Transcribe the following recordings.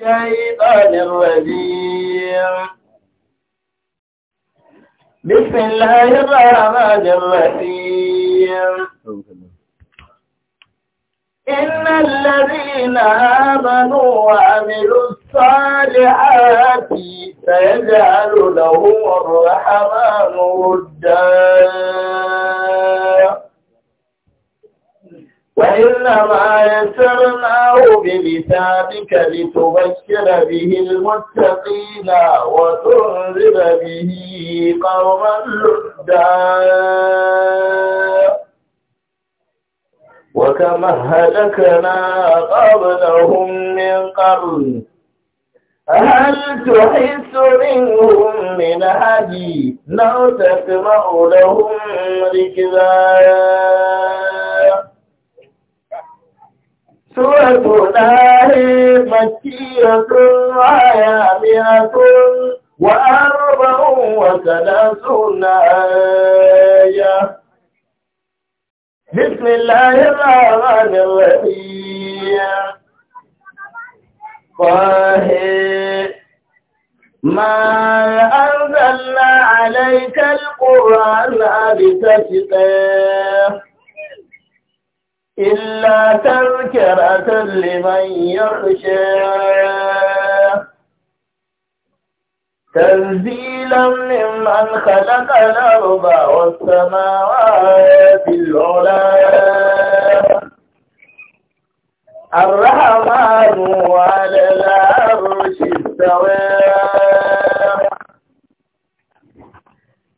الشيطان الرجيم بسم الله الرحمن الرحيم إن الذين آمنوا وعملوا الصالحات سيجعل لهم الرحمن ودا وإنما يسرناه بلسانك لتبشر به المتقين وتنذر به قوما لدا وكما هلكنا قبلهم من قرن هل تحس منهم من هدي لو تسمع لهم ركزا سورة الله مكية وهي مئة وأربع وثلاثون آية بسم الله الرحمن الرحيم طه ما أنزلنا عليك القرآن لتشقى إلا تذكرة لمن يخشى تنزيلا ممن خلق الأرض والسماوات العلا الرحمن على العرش استوى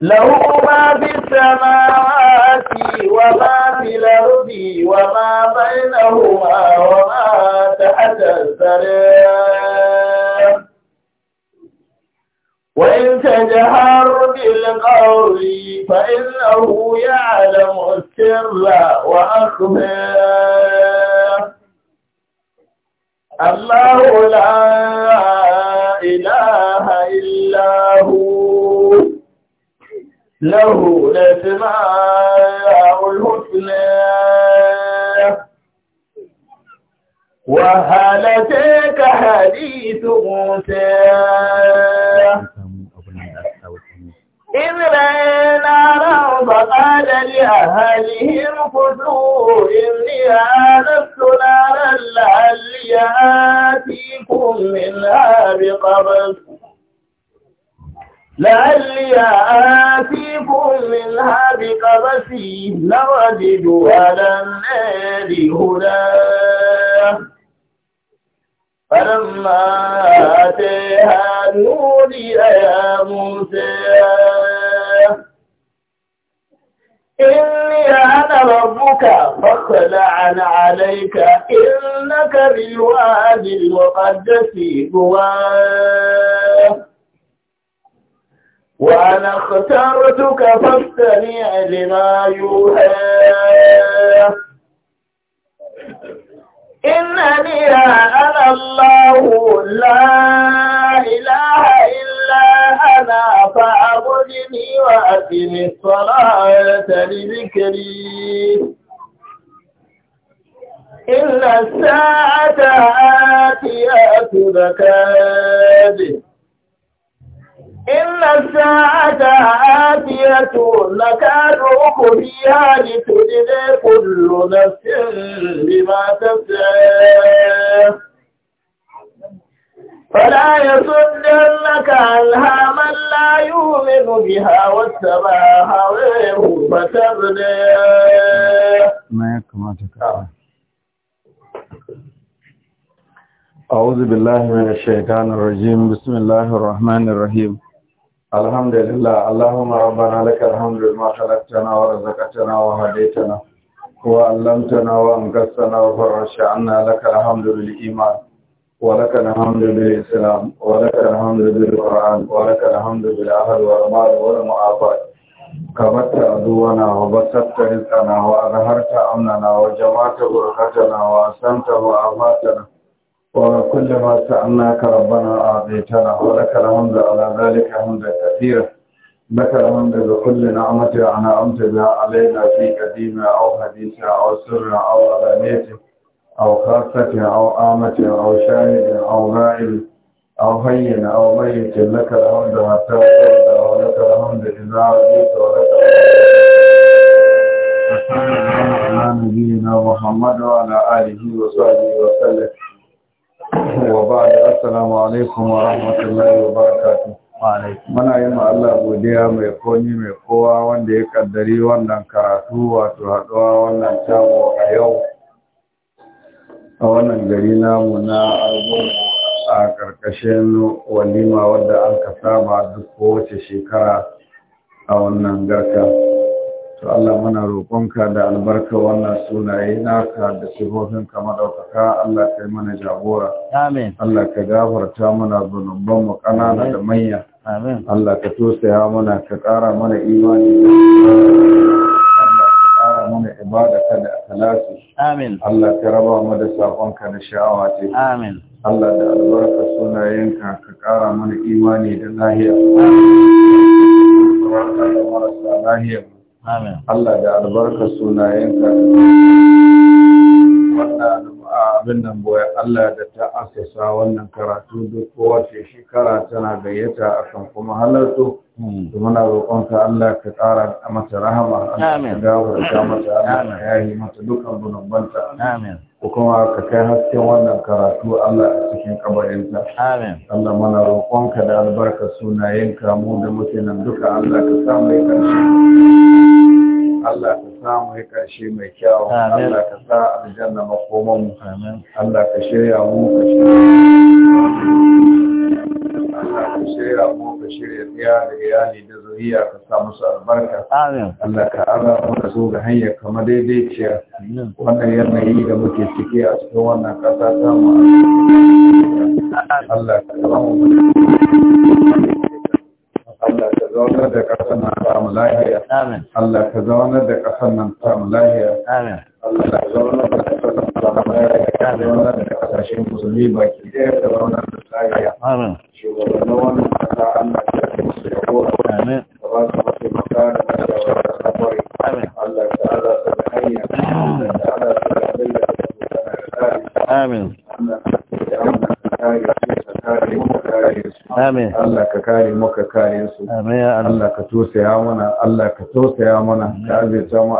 له ما في السماوات وما في الأرض وما بينهما وما تحت السرير وإن تجهر بالقول فإنه يعلم السر وأخفى الله لا إله إلا هو له الأسماء وهل أتاك حديث موسى إذ رأى نارا فقال لأهلهم خذوا إني آنست نارا لعلي آتيكم منها بقبس لعلي آتيكم منها بقبسي لوجدوا على النار هدى فلما أتيها نودي يا موسى إني أنا ربك فاخلع عليك إنك بالواد المقدس جواه وأنا اخترتك فاستمع لما يوحى إنني أنا الله لا إله إلا أنا فاعبدني وأقم الصلاة لذكري إن الساعة آتية بكاد إن الساعة آتية نكاد أخفيها لتجزي كل نفس بما تسعى فلا يصدنك عنها من لا يؤمن بها واتبع هواه فتبلى ما أعوذ بالله من الشيطان الرجيم بسم الله الرحمن الرحيم الحمد لله اللهم ربنا لك الحمد بما خلقتنا ورزقتنا وهديتنا وعلمتنا وانقذتنا وفرجت عنا لك الحمد بالايمان ولك الحمد بالاسلام ولك الحمد بالقران ولك الحمد بالاهل والمال والمعافاه كبت عدونا وبسطت رزقنا واظهرت امننا وجمعت بركتنا واحسنت وعافاتنا وكل ما سألناك ربنا أعطيتنا ولك الحمد على ذلك حمدا كثيرا لك الحمد بكل نعمة أنعمت بها علينا في قديمة أو حديثة أو سر أو علانية أو خاصة أو آمة أو شاهد أو غائب أو هين أو ميت لك الحمد حتى ترضى ولك الحمد إذا رضيت ولك الحمد على نبينا محمد وعلى آله وصحبه وسلم wa ba assalamu alaikum wa rahmatullahi wa barakatu muna yi ma Allah godiya mai koni mai kowa wanda ya kaddari wannan karatu wato haɗuwa wannan tamo a yau a wannan gari namu na argungu a ƙarƙashin walima wadda an ka saba duk kowace shekara a wannan garka. to Allah muna roƙonka da albarka wannan sunaye naka da sifofin ka madaukaka Allah kai mana jagora amin Allah ka gafarta mana zunuban mu kanana da manya amin Allah ka tosaya mana ka ƙara mana imani mana ibada ka da akhlasi amin Allah ka raba mu da sakonka da sha'awa ce amin Allah da albarka sunayenka ka kara mana imani da lahiya amin marasa lahiya Allah da albarka sunayenka wannan abin nan boye Allah da ta asasa wannan karatu duk kowace shekara tana gayyata akan kuma halartu hmm. to muna roƙonka Allah ka ƙara mata rahama amin. ka mata Allah ya yi mata dukkan zunubbanta amin ko kuma ka kai hasken wannan karatu Allah a cikin kabarinta amin Allah mana roƙonka da albarka sunayenka mu da mutanen duka Allah ka samu ya karshe Allah ka samu ya karshe mai kyau Allah ka sa aljanna makoman mu amin Allah ka shirya mu ka shirya Allah ka shirya mu ka shirya tsaya da iyali da zuriya ka sa musu albarka amin Allah ka ara mu da so ga hanya kama daidaiciya wannan yanayi da muke ciki a cikin wannan kasa ta mu Allah ka ba mu Allah ka zaunar da ƙasar nan samu lahiya. Allah ka zaunar da ƙasar nan samu lahiya. Allah ka zaunar da ƙasar nan samu lahiya. Ka zaunar da ƙasashen musulmi baki ɗaya ka zaunar da lahiya. Allah ya su ya da ba su Amin. Allah ka kare maka kare su. Allah. ka tosaya mana, Allah ka tosaya mana, ka azirta mu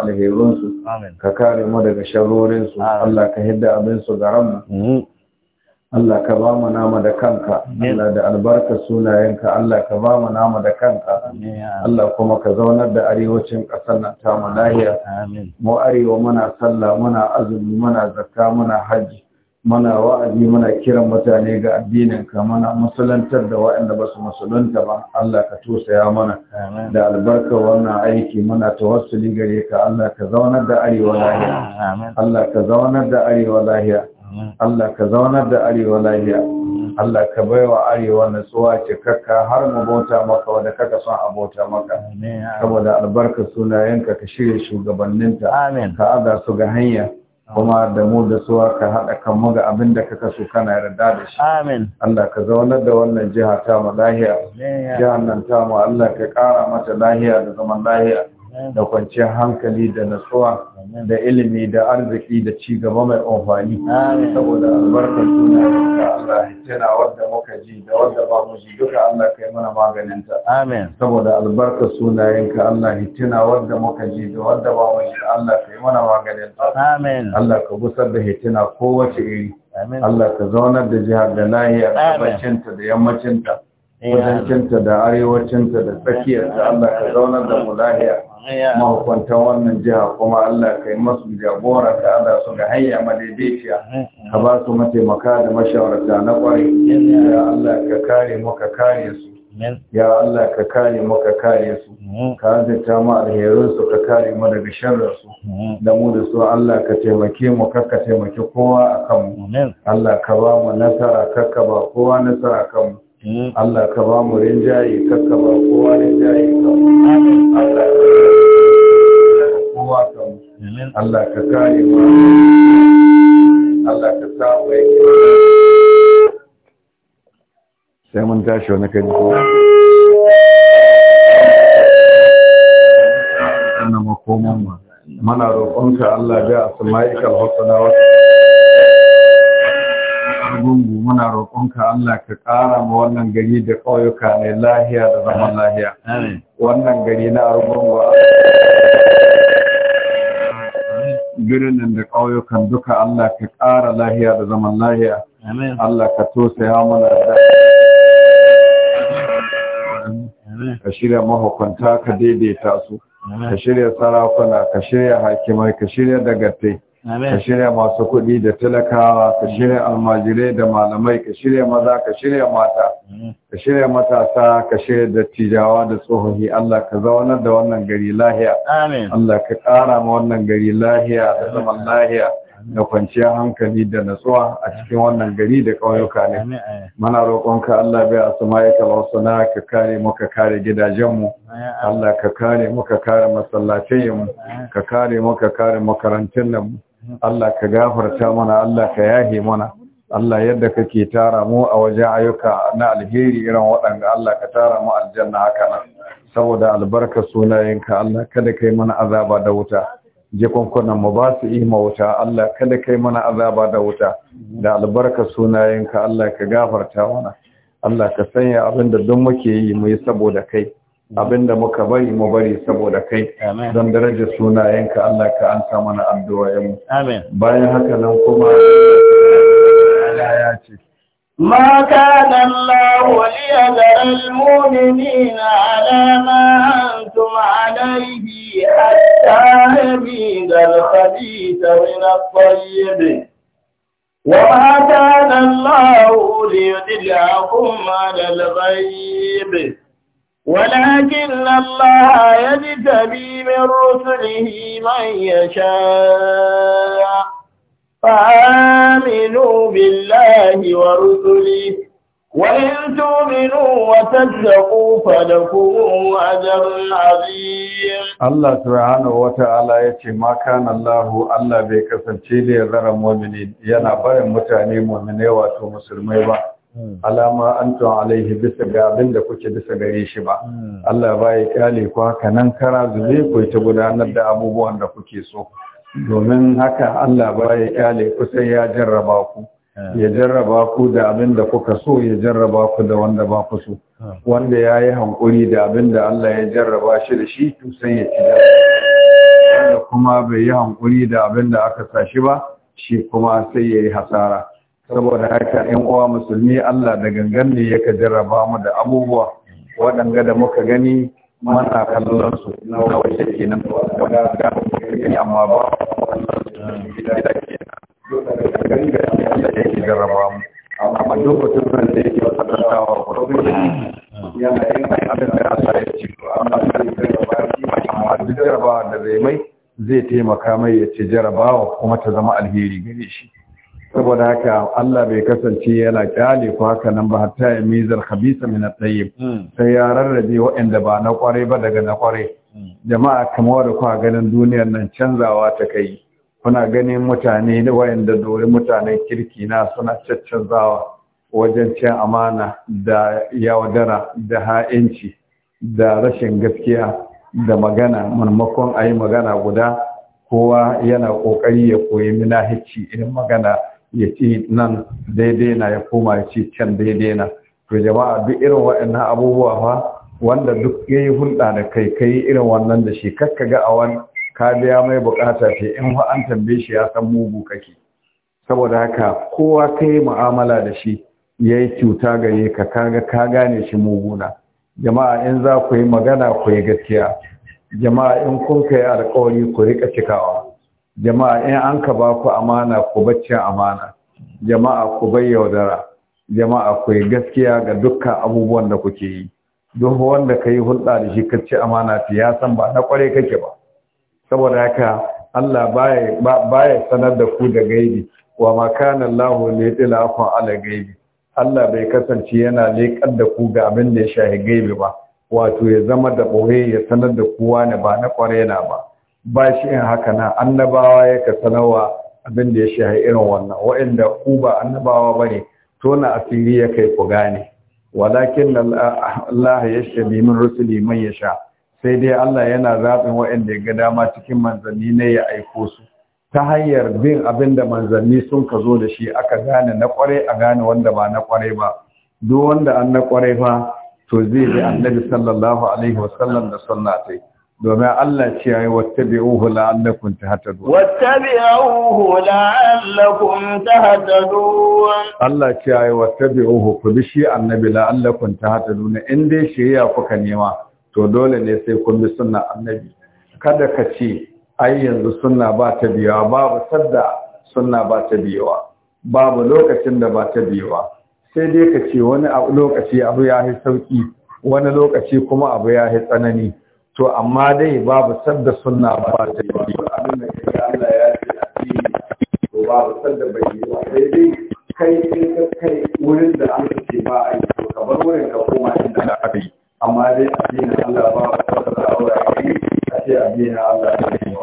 Ka kare mu daga sharorin su. Allah ka hidda abinsu ga garan mm-hmm. Allah ka ba mu nama da kanka Allah da albarka sunayenka Allah ka ba mu nama da kanka Allah kuma ka zaunar da arewacin ƙasar nan ta mu lahiya mu arewa muna sallah muna azumi muna zakka muna haji muna wa'azi muna kiran mutane ga addinin ka muna musulantar da wa'anda ba su musulunta ba Allah ka tosaya mana da albarka wannan aiki muna tawassuli gare ka Allah ka zaunar da arewa lahiya Allah ka zaunar da arewa lahiya Allah ka zaunar da arewa lafiya Allah ka baiwa arewa natsuwa cikakka har mu bauta maka wanda kaka son a bauta maka saboda albarka sunayenka ka shirya shugabanninta ka aza su ga hanya kuma da mu da suwa ka haɗa kan mu ga abin da kaka so kana yarda da shi amin Allah ka zaunar da wannan jiha ta mu lahiya jihar nan ta mu Allah ka ƙara mata lahiya da zaman lahiya da kwanciyar hankali da nasuwa da ilimi da arziki da ci gaba mai amfani saboda albarkar suna da Allah tana wadda muka ji da wadda ba mu ji duka Allah kai mana maganin ta amen saboda albarkar sunayenka Allah tana wadda muka ji da wadda ba mu ji Allah kai mana maganin ta amen Allah ka busar da hitina kowace iri Allah ka zaunar da jihar da lahiya da da yammacinta kudancinta da arewacinta da tsakiyar tsakiyarta Allah ka zaunar da mu lahiya mahukuntan wannan jiha kuma Allah ka yi masu jagora ka ada su ga hanya madaidaiciya ka ba su mataimaka da mashawarta na kwarai ya Allah ka kare mu ka kare su ya Allah ka kare mu ka kare su ka azurta mu alherin su ka kare mu daga sharrin su da mu da su Allah ka taimake mu kar ka taimake kowa akan mu Allah ka ba mu nasara kar ba kowa nasara akan mu Hmm. Allah ka ba mu rinjaye kakka ba kowa rinjaye kan Allah ka kowa kan Allah ka kare mu Allah ka sa mu sai mun tashi wani kan kowa na makoman mana roƙonka Allah ga asma'ikal husna wa argungu muna roƙonka Allah ka ƙara ma wannan gari da ƙauyuka ne lahiya da zaman lahiya wannan gari na argungu birnin da ƙauyukan duka Allah ka ƙara lahiya da zaman lahiya Allah ka ya mana da ka shirya mahukunta ka daidaita su ka shirya sarakuna ka shirya hakimai ka shirya dagatai ka shirya masu kuɗi da talakawa ka shirya almajirai da malamai ka shirya maza ka shirya mata ka shirya matasa ka shirya dattijawa da tsohohi Allah ka zaunar da wannan gari lahiya Allah ka ƙara ma wannan gari lahiya da zaman lahiya da kwanciyar hankali da natsuwa a cikin wannan gari da ƙauyuka ne. Mana ka Allah bai asuma ya kalausu ka kare muka kare gidajenmu, Allah ka kare muka kare masallatayenmu, ka kare muka kare makarantunanmu. Allah ka gafarta mana Allah ka yahe mana Allah yadda kake tara mu a wajen ayyuka na alheri irin waɗanda Allah ka tara mu aljanna haka nan saboda albarka sunayenka Allah kada kai mana azaba da wuta jikunkunan mu ba su ima wuta Allah kada kai mana azaba da wuta da albarka sunayenka Allah ka gafarta mana Allah ka sanya abin da duk muke yi mu yi saboda kai Abin da muka bari mu bari saboda kai don daraja sunayenka Allah ka an mana addu'o'in amin bayan haka nan kuma Allah ya ce ma kana Allah wali na mu'minin ala ma antum alayhi hatta bi dal khabith min at-tayyib wa ma kana Allah liyudillakum ala al-ghayb ولكن الله يجتبي من رسله من يشاء فآمنوا بالله ورسله وإن تؤمنوا وتتقوا فلكم أجر عظيم الله سبحانه وتعالى يتي ما كان الله الله بكسر تشيلي غير مؤمنين ينا برم متعني مؤمنين واتو مسلمين Hmm. alama antum alaihi bisa ga abin da kuke bisa gare shi ba hmm. Allah baya kyale ku haka nan kara zube ku ta gudanar da abubuwan da kuke so domin haka Allah baya kyale ku sai ya jarraba ku hmm. ya jarraba ku da abin kuka so ya jarraba ku da wanda ba ku so wanda ya yi hankuri da abin Allah ya jarraba shi da shi to sai ya ci da kuma bai yi hankuri da abinda aka sa shi ba shi kuma sai ya yi hasara saboda haka yan uwa musulmi Allah da gangan ne yake jarraba mu da abubuwa waɗanga da muka gani mana kallon su na wace kenan wanda ga gani amma ba gida kenan ganga Allah yake jarraba mu amma duk mutum da yake fatantawa gurgurda yana yin abin da ya sa ya ci. amma duk jarrabawa da zai mai zai taimaka mai ya ci jarabawa kuma ta zama alheri gare shi saboda haka Allah bai kasance yana kyale ko haka nan ba hatta ya mizar khabisa min tayyib hmm. sai ya rarrabe waɗanda ba na kware ba daga na kware hmm. jama'a kamar da kuka ganin duniyar nan canzawa ta kai kuna ganin mutane da waɗanda dore mutanen kirki na suna caccanzawa wajen cin amana da yaudara da ha'inci da rashin gaskiya da magana maimakon ayi magana guda kowa yana ƙoƙari ya koyi minahici irin magana ya ci nan daidai na ya koma ya ci can daidai na to jama'a duk irin waɗannan abubuwa fa wanda duk ya yi hulɗa da kai kai irin wannan da shi kakka ga awan ka biya mai bukata ce in fa an tambaye shi ya san mugu kake saboda haka kowa ka yi mu'amala da shi ya yi cuta gare ka kaga ka gane shi mugu na. jama'a in za ku yi magana ku yi gaskiya jama'a in kun kai alkawari ku rika cikawa jama'a in an ka ba ku amana ku baccin amana jama'a ku bai yaudara jama'a ku yi gaskiya ga dukkan abubuwan da kuke yi duk wanda ka yi hulɗa da shi kacce amana ta ya san ba na kware kake ba saboda haka Allah baya sanar da ku da gaibi wa ma kana Allah ne tilafan ala gaibi Allah bai kasance yana leƙar da ku ga abin da ya shahi gaibi ba wato ya zama da ɓoye ya sanar da kowa ne ba na kware na ba ba shi in haka na annabawa ya ka sanarwa abin da ya shahi irin wannan wa'inda ku ba annabawa ba ne tona asiri ya kai ku gane walakin ah, Allah ya shi limin rusuli man ya sha sai dai Allah yana zaɓin waɗanda ya ga dama cikin manzanni na ya aiko su ta hanyar bin abin da manzanni sun ka zo da shi aka gane na kwarai a gane wanda ba na kwarai ba duk wanda an na kwarai ba to zai bi annabi sallallahu alaihi wasallam da sunna domin Allah ce ya yi ta uhu, la'allakun hata yayi wattabi'uhu uhu, la'allakun ta hata tahtadun Allah ce ya yi yayi uhu, ku bi shi annabi la'allakun ta hata tahtadun in dai shi shiriya kuka nema to dole ne sai kun bi sunna annabi kada ka ce ai yanzu suna ba ta biyawa babu sadda suna ba ta biyawa babu lokacin da ba ta biyawa sai dai ka ce wani lokaci abu ya yi sauƙi, wani lokaci kuma abu ya yi tsanani to amma dai babu sadda sunna ba ta yi ba abin da ke Allah ya ce a cikin to babu sadda bai yi ba sai dai kai in ka kai wurin da an ce ba a yi to ka bar wurin ka koma inda da. aka yi amma dai a addinin Allah ba a sadda aure a yi a ce a addinin Allah ne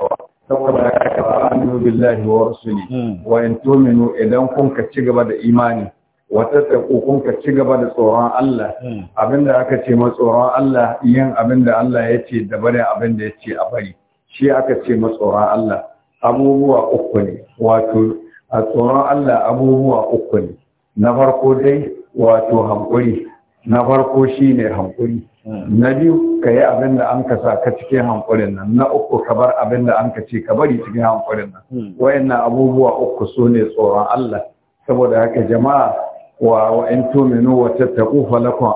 saboda haka ba an billahi wa rasuli hmm. wa in tuminu idan kun ka ci gaba da imani watattaku kun ka ci gaba da tsoron Allah abinda aka ce ma tsoron Allah yin abinda Allah ya ce da bari abinda ya ce a bari shi aka ce ma tsoron Allah abubuwa uku ne wato a tsoron Allah abubuwa uku ne na farko dai wato hankuri na farko shine hankuri na biyu ka yi abin da an ka sa ka cikin hankulin nan na uku ka bar abin da an ka ce ka bari cikin hankulin nan wayannan abubuwa uku su ne tsoron Allah saboda haka jama'a wa wa wata tuminu wa tattaqu falakum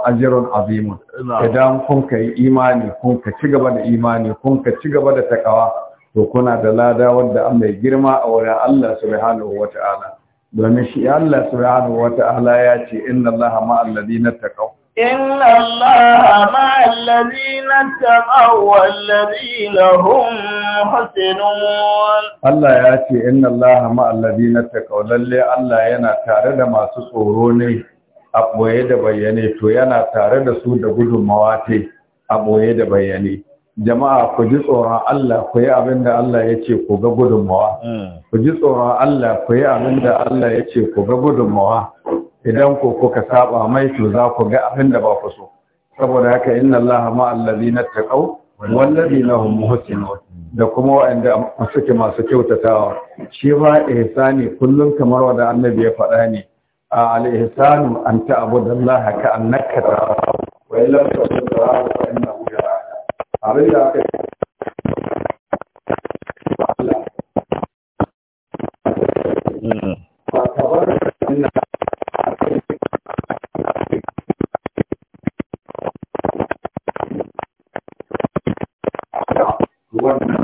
idan kun yi imani kun ka ci gaba da imani kun ka ci gaba da takawa to kuna da lada wadda an mai girma a wurin Allah subhanahu wata'ala domin shi Allah subhanahu wata'ala ya ce inna Allaha ma'al ladina إن الله مع الذين اتقوا والذين هم محسنون الله ياتي إن الله مع الذين اتقوا للي Allah yana tare da masu tsoro ne a da bayyane to yana tare da su da gudunmawa te a da bayyane jama'a ku ji tsoron Allah ku yi abin da Allah ya ce ku ga gudunmawa hmm. ku ji tsoron Allah ku yi abin da Allah ya ce ku ga gudunmawa idan ko kuka saba mai to za ku ga abin da ba ku so saboda haka inna allaha ma allazina taqaw wallazina hum muhsinun da kuma waanda suke masu kyautatawa shi ma ihsani kullum kamar wanda annabi ya faɗa ne a al-ihsanu an ta'budallaha ka annaka tarahu wa illam takun fa innahu yaraka abin da aka one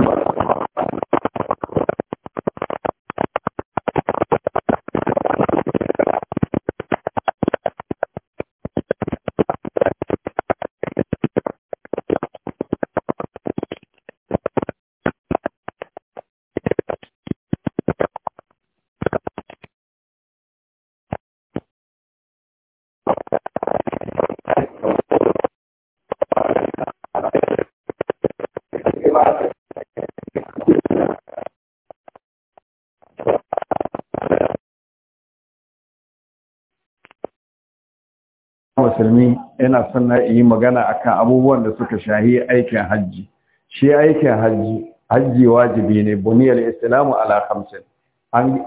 yana son na yi magana akan abubuwan da suka shahi aikin hajji shi aikin hajji hajji wajibi ne buniyar islamu ala khamsin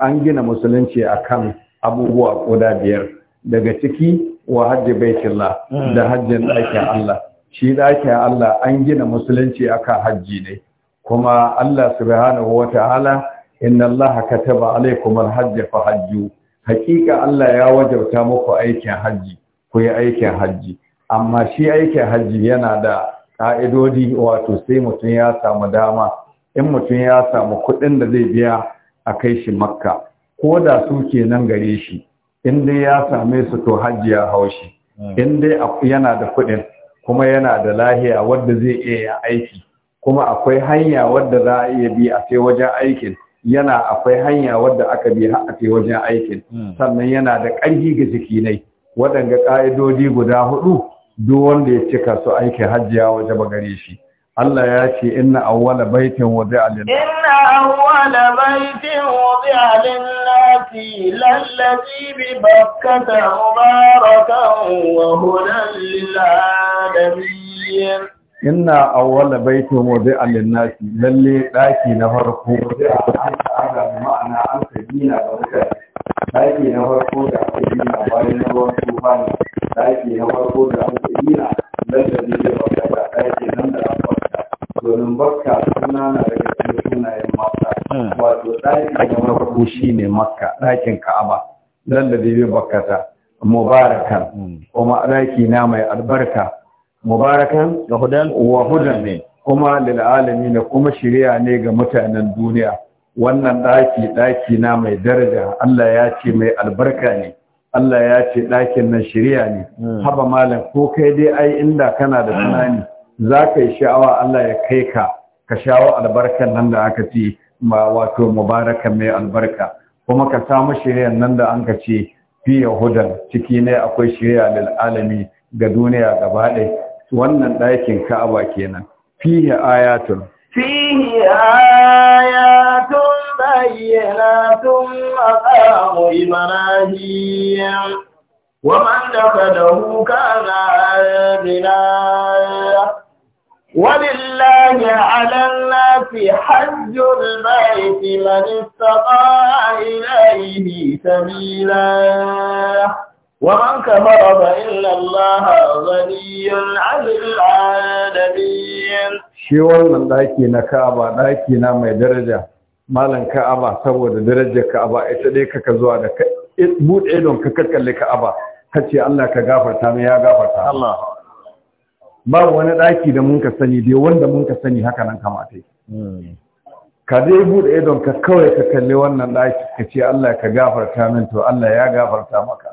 an gina musulunci akan abubuwa guda biyar daga ciki wa hajji baitullah hmm. da hajjin ɗakin Allah shi ɗakin Allah an gina musulunci akan hajji ne kuma Allah subhanahu wa ta'ala inna Allah kataba alaikum alhajj fa hajju hakika Allah ya wajabta muku aikin hajji ku yi aikin hajji amma shi aikin hajji yana da ƙa'idodi wato sai mutum ya samu dama in mutum ya samu kuɗin da zai biya a kai shi makka ko da su ke nan gare shi in dai ya same su to hajji ya hau shi in dai yana da kuɗin kuma yana da lahiya wadda zai iya aiki kuma akwai hanya wadda za a iya bi a kai wajen aikin yana akwai hanya wadda aka bi a kai wajen aikin hmm. sannan yana da ƙarfi ga jiki ne waɗanga ƙa'idodi guda hudu duk wanda ya cika su aiki hajjiya waje ba gare shi Allah ya ce inna awwala baitin a lin inna awwala baitin wudi'a lin nasi lallaci bi bakkata mubarakan wa hudan da biyar. inna awwala baitin waje a nasi lalle ɗaki na farko da aka ma'ana an sabina ga mutane ɗaki na farko da aka yi na bayan na ruwan tufani ɗaki na farko da aka yi na nan da zai zama kasa ɗaki nan da an farka domin bakka suna na daga cikin sunayen mata hmm. wato daki na farko shi ne maka dakin ka'aba nan da zai bakka ta mubarakan hmm. kuma ɗaki na mai albarka mubarakan wa hudan ne kuma lil'alami na kuma shirya ne ga mutanen duniya wannan ɗaki ɗaki na mai daraja Allah ya ce mai albarka ne Allah ya ce ɗakin nan shirya ne hmm. haba malam ko kai dai ai inda kana da tunani za ka yi sha'awa Allah ya kai ka ka shawo albarkan nan da aka ce ma wato mubaraka mai albarka kuma ka samu shiryan nan da an ka ce fi yahudan ciki ne akwai shirya lil alami ga duniya gaba ɗaya wannan ɗakin ka'aba kenan fihi ayatul فيه آيات بينات مقام إبراهيم ومن دخله كان آمنا ولله على الناس حج البيت من استطاع إليه سبيلا ومن كفر فإن الله غني عن العالمين shi wannan ɗaki na Ka'aba ɗaki درجة mai daraja malam Ka'aba saboda darajar Ka'aba ita dai kaka zuwa da buɗe idon ka kakkalle Ka'aba kace Allah ka gafarta mai ya gafarta wani ɗaki da mun ka sani dai wanda mun ka sani haka nan kamata ka dai buɗe idon ka kawai ka kalli wannan ɗaki ka ce Allah ka gafarta min to Allah ya gafarta maka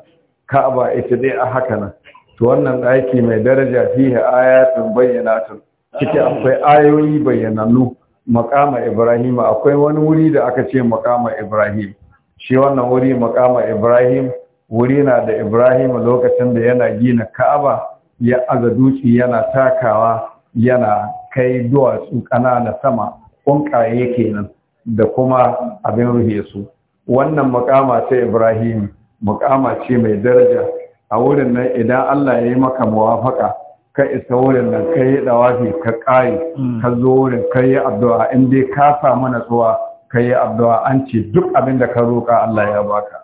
ka'aba ita dai a haka nan to wannan ɗaki mai daraja fihi ayatun bayyanatun cike akwai ayoyi bayyanannu makama ibrahim akwai wani wuri da aka ce makama ibrahim shi wannan wuri makama ibrahim wuri na da ibrahim lokacin da yana gina ka'aba ya aza duci yana takawa yana kai duwatsu ƙanana sama ƙunƙaye kenan da kuma abin ruhe su wannan makama ta ibrahim mukama ce mai daraja a wurin nan idan Allah ya yi maka muwafaka ka isa wurin nan ka yi dawafi ka kai ka zo wurin ka yi addu'a in dai ka samu natsuwa ka yi addu'a an ce duk abin da ka roƙa Allah ya baka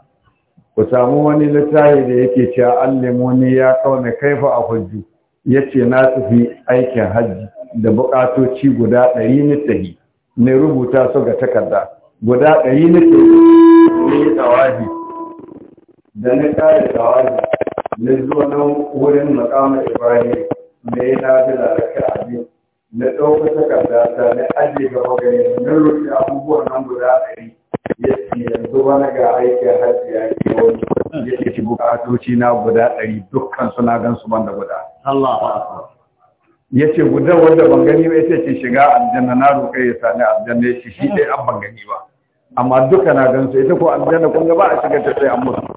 ku samu wani littafi da yake cewa allimuni ya kauna kaifa a hujju yace na tafi aikin hajji da buƙatoci guda ɗari nitahi ne rubuta su ga takarda guda ɗari nitahi ne tawahi da na kare tawari na zuwa nan wurin makamar ibrahim na yi na fi lalaka abi na ɗauka takarda ta na ajiye gaba gare na rufe abubuwan nan guda ɗari ya ce yanzu wani ga aikin hajji ya ke wani ya ce bukatoci na guda ɗari dukkan suna gan su ban da guda. ya ce guda wanda ban gani ba ya ce shiga aljanna na rufe ya sani aljanna ya ce shi ɗaya an ban gani ba amma duka na gan su ita ko aljanna kun ga ba a shiga ta sai an mutu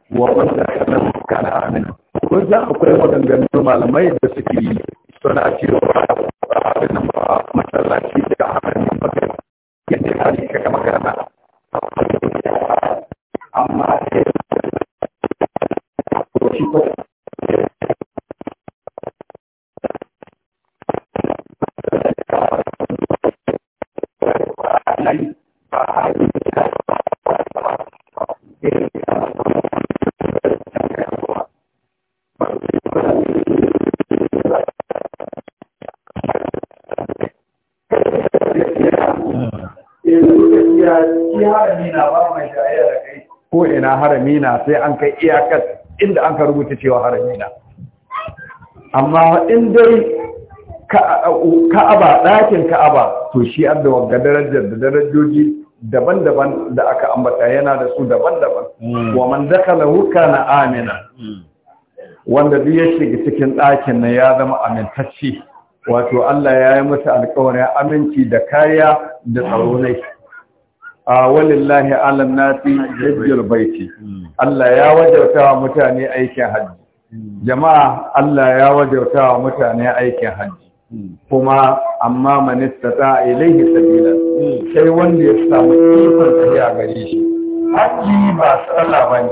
wa wanda kana kana amin ko za akwai wadannan malamai da suke suna cewa ba masallaci da amin sai an kai iyakar inda an ka rubuta cewa harami na amma in dai ka'aba ɗakin ka'aba to shi an da wanga darajar da darajoji daban-daban da aka ambata yana da su daban-daban hmm. wa man na huka na amina hmm. wanda duk ya shiga cikin ɗakin na ya zama amintacci wato Allah ya yi masa alƙawarin aminci da kariya da tsaro ne a walillahi alam nasi hajjul baiti hmm. Allah ya wajarta wa mutane aikin hajji hmm. jama'a Allah ya wajarta wa mutane aikin hajji hmm. kuma amma man istata ilaihi sabila sai wanda ya samu ikon tafiya gare shi hajji ba sallah bane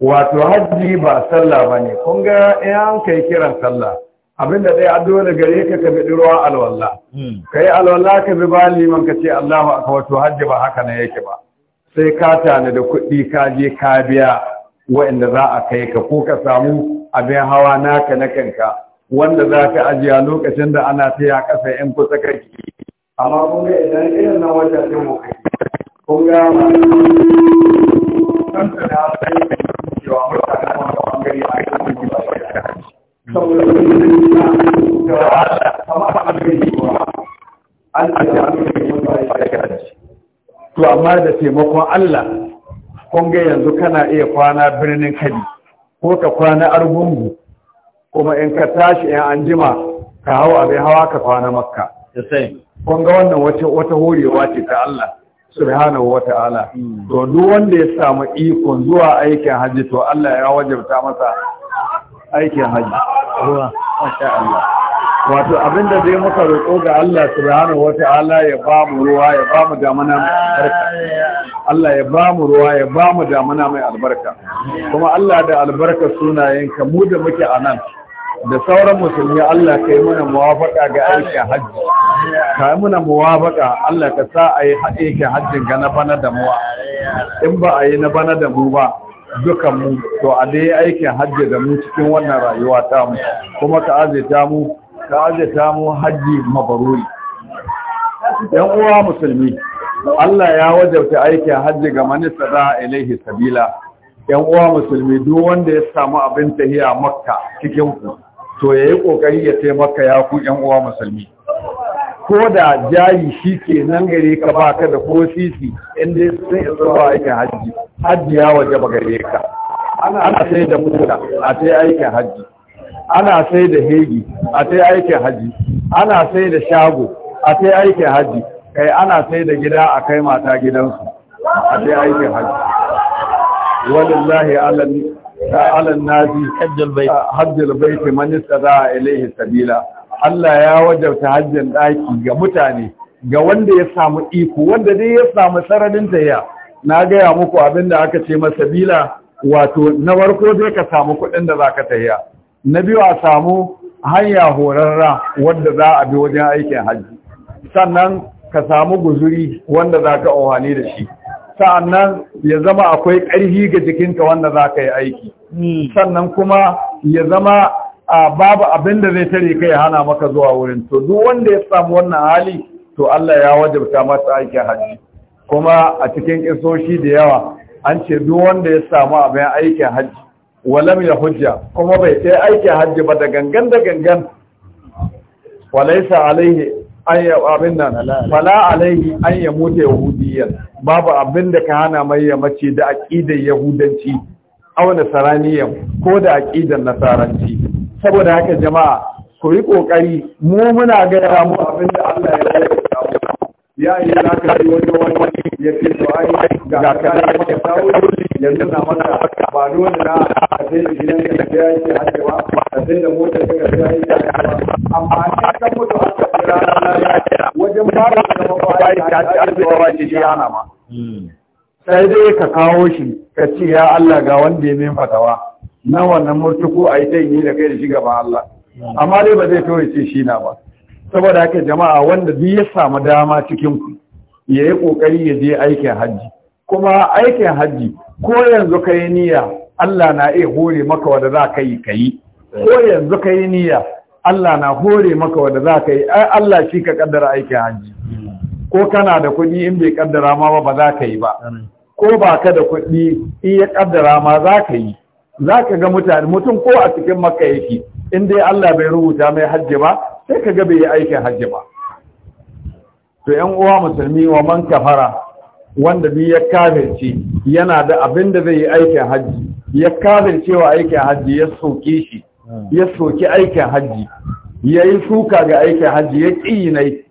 wato hajji ba sallah bane kun ga 'yan kai kiran sallah abinda zai addu'a da gare ka ka bi ruwa alwalla hmm. kai alwalla ka bi ba liman ka ce Allahu aka wato hajji ba haka na yake ba sai ka tana da kuɗi ka je ka biya wa'anda za a kai ka ko ka samu abin hawa naka na kanka wanda za ka ajiya lokacin da ana tsaya kasa in kusa ki amma kun ga idan irin na wajen ce mu kai kun ga kan da sai cewa mutane a bangare a da to amma da taimakon Allah kun ga yanzu kana iya kwana birnin kadi ko ka kwana Argungu kuma in ka tashi in an jima ka hau abin hawa ka kwana Makka kun ga wannan wata horewa ce ta Allah subhanahu wa ta'ala hmm. to duk wanda ya samu ikon zuwa aikin hajji to Allah ya wajabta masa aikin haji ruwa masha Allah wato abinda zai muka roƙo ga Allah subhanahu wata'ala ya ba mu ruwa ya ba mu damana mai albarka Allah ya ba mu ruwa ya ba mu damana mai albarka kuma Allah da albarka sunayenka mu da muke a nan da sauran musulmi Allah ka yi mana muwafaka ga aikin hajji ka yi mana muwafaka Allah ka sa a yi aikin hajjin ga na bana da muwa in ba a yi na bana da mu ba dukan mu to a dai aikin hajji da mu cikin wannan rayuwa ta mu kuma ka azaita mu ka mu hajji mabaruri yan uwa musulmi Allah ya wajabta aikin hajji ga manista sada ilaihi sabila yan uwa musulmi duk wanda ya samu abin tahiya makka cikin ku to yayi kokari ya taimaka ya ku yan uwa musulmi ko da jayi shi ke nan gare ka ba ka da ko sisi inda sun yi ba aikin hajji hajji ya waje ba gare ka ana sai da mota a sai aikin hajji ana sai da hegi a sai aikin hajji ana sai da shago a sai aikin hajji kai ana sai da gida a kai mata gidansu a sai aikin hajji walillahi alal nasi hajjul baiti man istada ilayhi sabila Allah ya wajabta hajjin ɗaki ga mutane ga wanda ya samu iko wanda dai ya samu sararin tahiya na gaya muku abin da aka ce masa bila wato na farko zai ka samu kuɗin da za ka tahiya na biyu a samu hanya horarra wanda za a bi wajen aikin hajji sannan ka samu guzuri wanda za ka ohani da shi sa'annan ya zama akwai ƙarfi ga jikinka wanda za ka yi aiki hmm. sannan kuma ya zama A babu abin da zai tare kai hana maka zuwa wurin to duk wanda ya samu wannan hali to Allah ya wajabta masa aikin haji kuma a cikin kisoshi da yawa an ce duk wanda ya samu abin aikin haji walam ya hujja kuma bai sai aikin haji ba da gangan da gangan walaisa alaihi an abin nan fala alaihi an ya mutu yahudiyan babu abin da ka hana mai ya mace da aqidar yahudanci aw saraniyan, ko da aqidar nasaranci saboda haka jama'a ku yi kokari mu muna gaya mu abin da Allah ya yi ya yi za ka yi wani wani ya ce to ai ga ka tawo sauri yanzu na maka ba dole na ka sai da gidan ka ga yake hakewa a ce da motar ka ga yi hakewa amma in ka mutu haka rana wajen fara da mafari ka ci an ba ce shi ana ma hmm. sai dai ka kawo shi ka ce ya Allah ga wanda ya min fatawa na wannan murtuku a yi ta yi da kai da shi gaba Allah amma dai ba zai toye ce shi na ba saboda haka jama'a wanda duk ya samu dama cikin ku ya yi kokari ya je aikin hajji kuma aikin hajji ko yanzu ka yi niyya Allah na iya hore maka wanda za ka yi ka yi ko yanzu ka yi niyya Allah na hore maka wanda za ka yi Allah shi ka kaddara aikin hajji ko kana da kuɗi in bai kaddara ma ba za ka yi ba ko ba ka da kuɗi in ya kaddara ma za ka yi za ka ga mutane mutum ko a cikin maka yake in dai Allah bai rubuta mai hajji ba sai ka ga bai yi aikin hajji ba to yan uwa musulmi wa man kafara wanda bi ya kafirce yana da abin da zai yi aikin hajji ya kafirce wa aikin hajji ya soke shi ya soki aikin hajji ya yi suka ga aikin hajji ya ƙi nai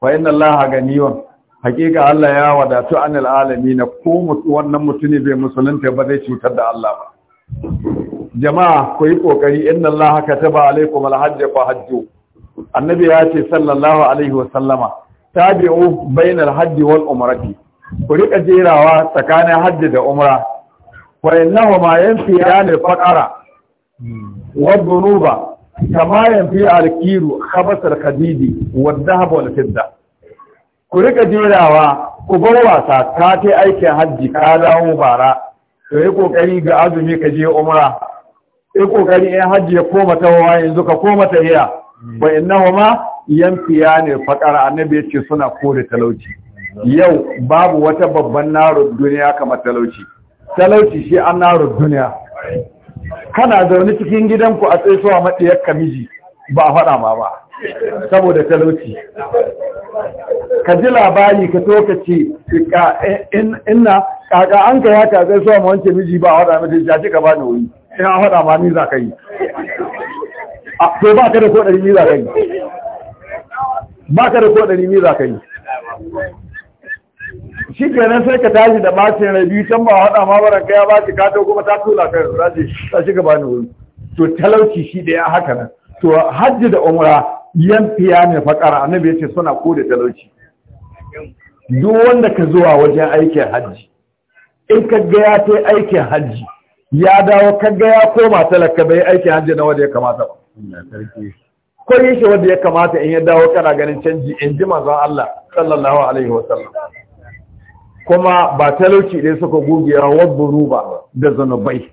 fa inna Allah ganiyon hakika Allah ya wadatu anil alamin ko wannan mutune bai musulunta ba zai cutar da Allah ba jama'a ku yi kokari inna Allah taba alaikum alhajj fa hajju annabi ya ce sallallahu alaihi wa sallama tabi'u bainal hajji wal umrati ku rika jerawa tsakanin hajji da umra wa innahuma yanfiyani faqara wa dhunuba kama yanfi alkiru khabas alkhadidi wa dhahab wal fidda ku riƙa jerawa ku bar wasa ka kai aikin hajji ka dawo bara to yi kokari ga azumi ka je umra yi kokari in hajji ya koma ta hawa yanzu ka koma ta hiya wa ma yanfiya ne fakar annabi yace suna kore talauci yau babu wata babban narun duniya kamar talauci talauci shi an narun duniya kana zaune cikin gidanku a tsaye suwa matsayar kamiji ba a faɗa ma ba saboda talauci ka ji labari ka so ka ce eh, ina kaka an ka ya kaza so ma wance miji ba wada miji ya ce ka ba da wuri in an wada ma ni za ka yi to ba ka da ko dari ni za ka yi ba ka da ko dari ni za ka yi shi nan sai ka tashi da bacin rai biyu can ba waɗa ma baran kai ya ba ki kato kuma ta tula kai za ta shiga ba da wuri to talauci shi da ya haka nan to hajji da umra yan fiya ne fakara annabi ya ce suna ko da talauci duk wanda ka zuwa wajen aikin hajji in ka ga ta aikin hajji ya dawo ka ga ya koma talaka bai aikin hajji na wanda ya kamata ba ko shi wanda ya kamata in ya dawo kana ganin canji in ji manzon Allah sallallahu alaihi wa sallam kuma ba talauci ne suka goge rawar ba da zanubai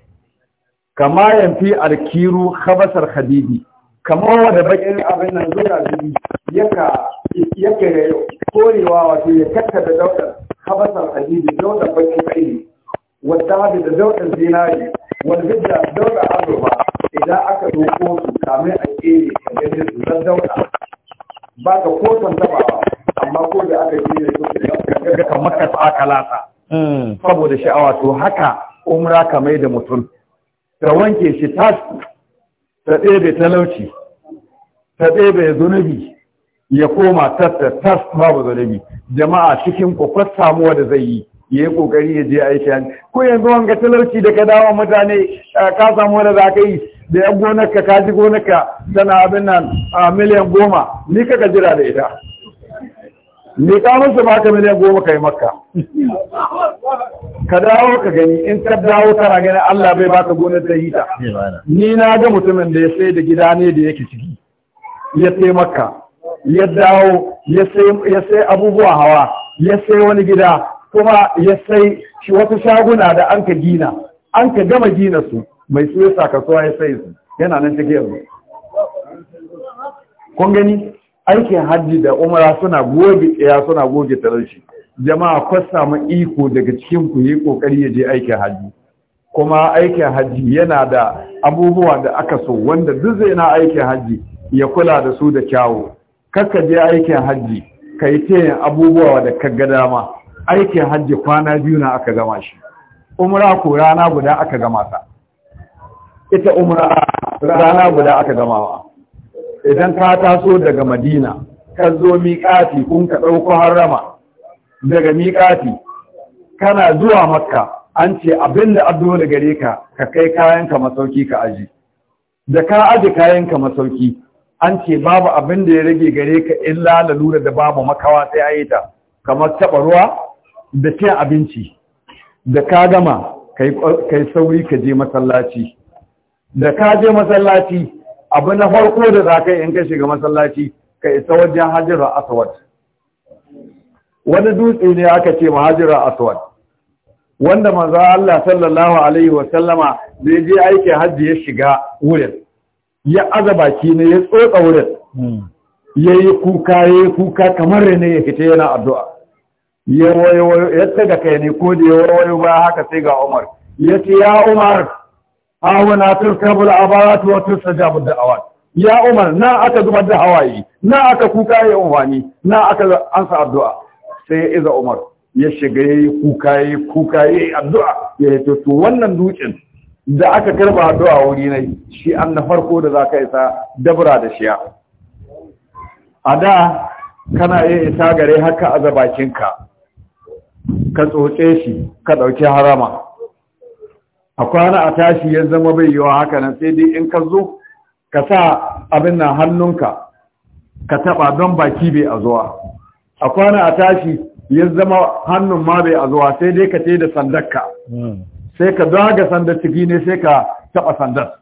kama yanfi alkiru khabasar khadidi kamar wanda bakin abin nan zuwa jini yaka yake korewa wato ya kakka da daukar habasar hadidi daular bakin kai wadda da daukar zinari wanda da daukar azurba idan aka doko su kamar a kere su zan daukar ba ka kotun tabawa amma ko da aka kere su da kamar ka aka lasa hmm. saboda sha'awa to haka umra kamar da mutum Ka wanke shi ta ta ɗebe talauci ta ɗebe zunubi ya koma tattar tas babu zunubi jama'a cikin kwakwar samuwa da zai yi ya yi kokari ya je aiki hannu ko yanzu wanga talauci da ka dawo mutane ka samu da za ka yi da yan gonarka ka ji gonarka tana abin nan miliyan goma ni kaka jira da ita miƙa musu ba ka miliyan goma ka yi makka ka dawo ka gani in ka dawo kana gani Allah bai baka gonar ta hita ni na ga mutumin da ya sai da gida ne da yake ciki ya sai makka ya dawo ya sai abubuwa hawa ya sai wani gida kuma ya sai shi wasu shaguna da an ka gina an ka gama gina su mai su ya ya sai su yana nan take yanzu kun gani aikin hajji da umara suna goge tsaya suna goge talauci jama'a ku samu iko daga cikin ku yi kokari ya je aikin hajji kuma aikin hajji yana da abubuwa da aka so wanda duk zai na aikin hajji ya kula da su da kyawu kakka je aikin hajji ka yi tayin abubuwa da kaga dama aikin hajji kwana biyu na aka gama shi umra ko rana guda aka gama ta ita umra rana guda aka gamawa idan ka taso daga madina ka zo miƙati kun ka ɗauko harama daga miƙati kana zuwa makka an ce abin da dole gare ka ka kai kayanka masauki ka aji da ka aji kayanka masauki an ce babu abin da ya rage gare ka illa lalura da babu makawa sai a ta kamar taɓa ruwa da cin abinci da ka gama kai sauri ka je masallaci da ka je masallaci abu na farko da za ka yi in ka shiga masallaci ka isa wajen hajjira aswad wani dutse ne aka ce ma hajjira aswad wanda manzo Allah sallallahu alaihi wa sallama da ya je aikin hajji ya shiga wurin ya aza baki ne ya tsotsa wurin ya yi kuka ya yi kuka kamar ne ya fita yana addu'a ya wayo ya tsaga kai ne ko da ya wayo ba haka sai ga Umar ya ce ya Umar awuna turkabu al'abarat wa tusajabu da'awat ya umar na aka zubar da hawaye na aka kuka ya umfani na aka ansa addu'a sai ya iza umar ya shiga yayi kuka yayi kuka yayi addu'a ya yi to wannan dukin da aka karba addu'a wuri ne shi an na farko da zaka isa dabra da shiya a da kana iya isa gare haka a zabakinka, ka tsotse shi ka ɗauki harama a kwana a tashi ya zama bai yiwa haka nan sai dai in ka zo ka sa abin nan hannunka ka taba don baki bai a zuwa a kwana a tashi ya zama hannun ma bai a zuwa sai dai ka da sandarka hmm. sai ka daga sandar ciki ne sai ka taba sandar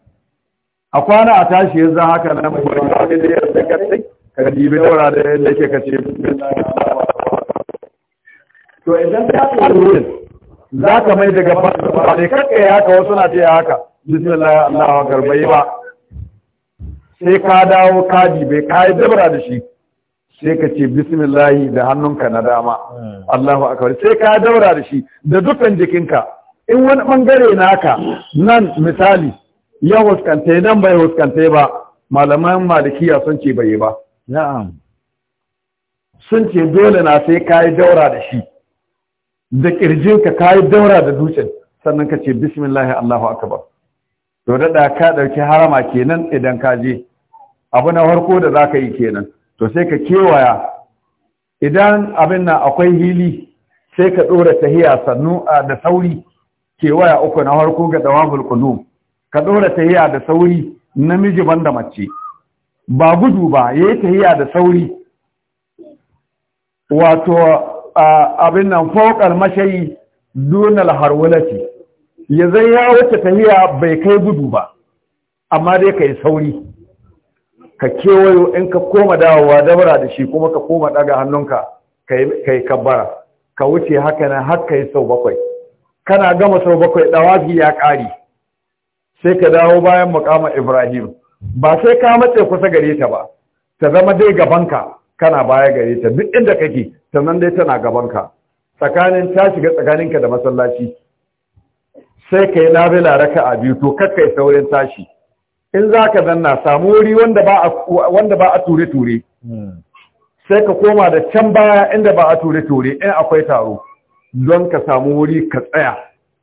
a kwana a tashi ya zama haka nan wani da ya zaka sai ka dibe wura da yadda ke ka ce to idan ka ce za ka mai daga farko ne kakka ya haka wasu na ce ya haka bismillah allah akbar bai ba sai ka dawo kadi, bai ka yi dabara da shi sai ka ce bismillah da hannunka na dama Allahu akbar sai ka daura da shi da dukkan jikinka in wani bangare naka nan misali ya huskante nan bai huskanta ba malaman malikiya sun ce bai ba na'am sun ce dole na sai ka yi daura da shi da ƙirjinka ka kayi daura da dutsen sannan ka ce bismillahi allahu akbar to da ka ɗauki harama kenan idan ka je abu na farko da za ka yi kenan to sai ka kewaya idan abin na akwai hili sai ka ɗora tahiya sannu da sauri kewaya uku na farko ga dawabul qulub ka ɗora tahiya da sauri namiji banda mace ba gudu ba yayi tahiya da sauri wato abin nan fokar mashayi dunal harwalati ya zai ya wuce tahiya bai kai gudu ba amma dai ka sauri ka kewayo in ka koma dawowa dabara da shi kuma ka koma daga hannunka ka yi kabbara ka wuce haka nan har kai sau bakwai kana gama sau bakwai dawafi ya ƙari sai ka dawo bayan mukama ibrahim ba sai ka matse kusa gare ta ba ta zama dai gabanka kana baya gare ta duk inda kake sannan dai tana gabanka tsakanin ta shiga tsakaninka da masallaci sai ka yi labila raka a biyu to kakka yi saurin tashi in za ka zanna samu wuri wanda ba a ture-ture sai ka koma da can baya inda ba a ture-ture in akwai taro don ka samu wuri ka tsaya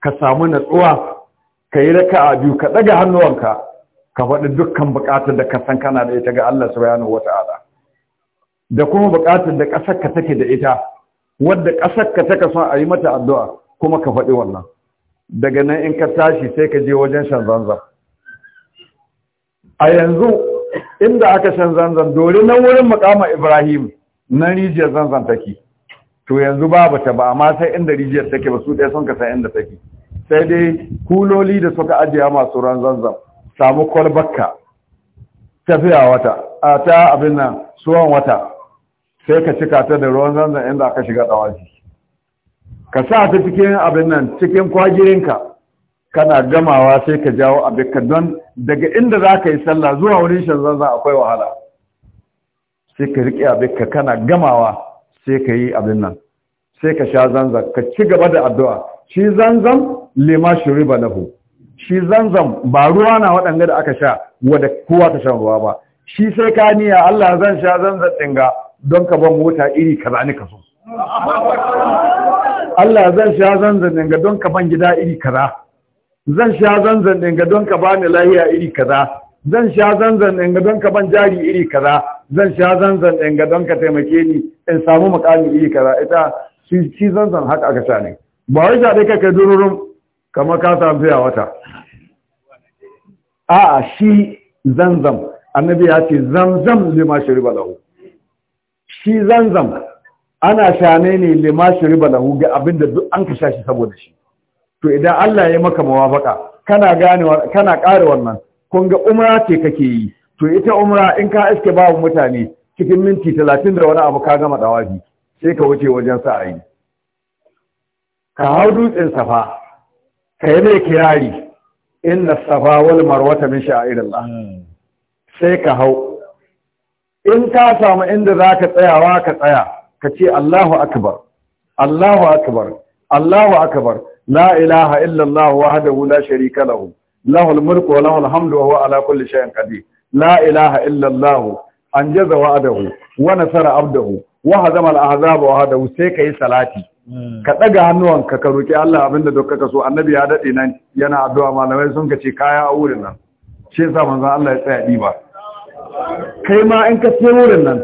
ka samu natsuwa ka yi raka a biyu ka ɗaga hannuwanka ka faɗi dukkan buƙatar da ka san kana da ita ga Allah subhanahu ta'ala. da kuma buƙatar da ƙasar ka take da ita wadda ƙasar ka take son a yi mata addu'a kuma ka faɗi wannan daga nan in ka tashi sai ka je wajen shan zanzan a yanzu inda aka shan zanzan dole nan wurin makama ibrahim nan rijiyar zanzan take to yanzu babu ta ba amma sai inda rijiyar take ba su ɗaya sun ka san inda take sai dai kuloli da suka ajiya masu ran zanzan samu kwalbakka tafiya wata a ta abin nan suwan wata sai ka cika ta da ruwan zanzan inda aka shiga dawaki ka sa ta cikin abin nan cikin kwagirinka kana gamawa sai ka jawo abin ka don daga inda za ka yi sallah zuwa wurin shan zanzan akwai wahala sai ka riƙe abin ka kana gamawa sai ka yi abin nan sai ka sha zanzan ka ci gaba da addu'a shi zanzan lima ba lahu shi zanzan ba ruwa na waɗanda da aka sha wadda kowa ta shan ruwa ba shi sai ka niya Allah zan sha zanzan ɗinga don ka ban mota iri kaza ni ka so Allah zan sha zanzan ɗin ga don ka ban gida iri kaza zan sha zanzan ɗin ga don ka bani lahiya iri kaza zan sha zanzan ɗin ga don ka ban jari iri kaza zan sha zanzan ɗin ga don ka taimake ni in samu mukami iri kaza ita shi zanzan haka aka sha ne ba wai sha dai kai dururum kamar ka samu fiya wata a'a shi zanzam annabi ya ce zamzam lima shariba lahu shi zanzam ana shane ne lima shiriba lahu ga abinda duk an ka shi saboda shi to idan Allah ya maka mawafaka kana gane kana kare wannan kun ga umra ce kake yi to ita umra in ka iske babu mutane cikin minti talatin da wani abu ka gama dawafi sai ka wuce wajen ayi ka hau dutsen safa ka yi mai kirari inna safa wal marwata min sha'irillah hmm. sai ka hau in ka samu inda za ka tsayawa ka tsaya ka ce Allahu akbar Allahu akbar Allahu akbar la ilaha illallah wahdahu la sharika lahu lahul mulku wa lahul hamdu wa huwa ala kulli shay'in qadir la ilaha illallah anjaza wa'adahu wa nasara abdahu wa hazama al wa hada sai kai salati hmm. ka daga hannuwanka ka roki Allah abinda doka ka so annabi ya dade nan yana addu'a malamai sun ka ce kaya a wurin nan shi yasa manzon Allah ya tsaya diba kai ma in ka ce wurin nan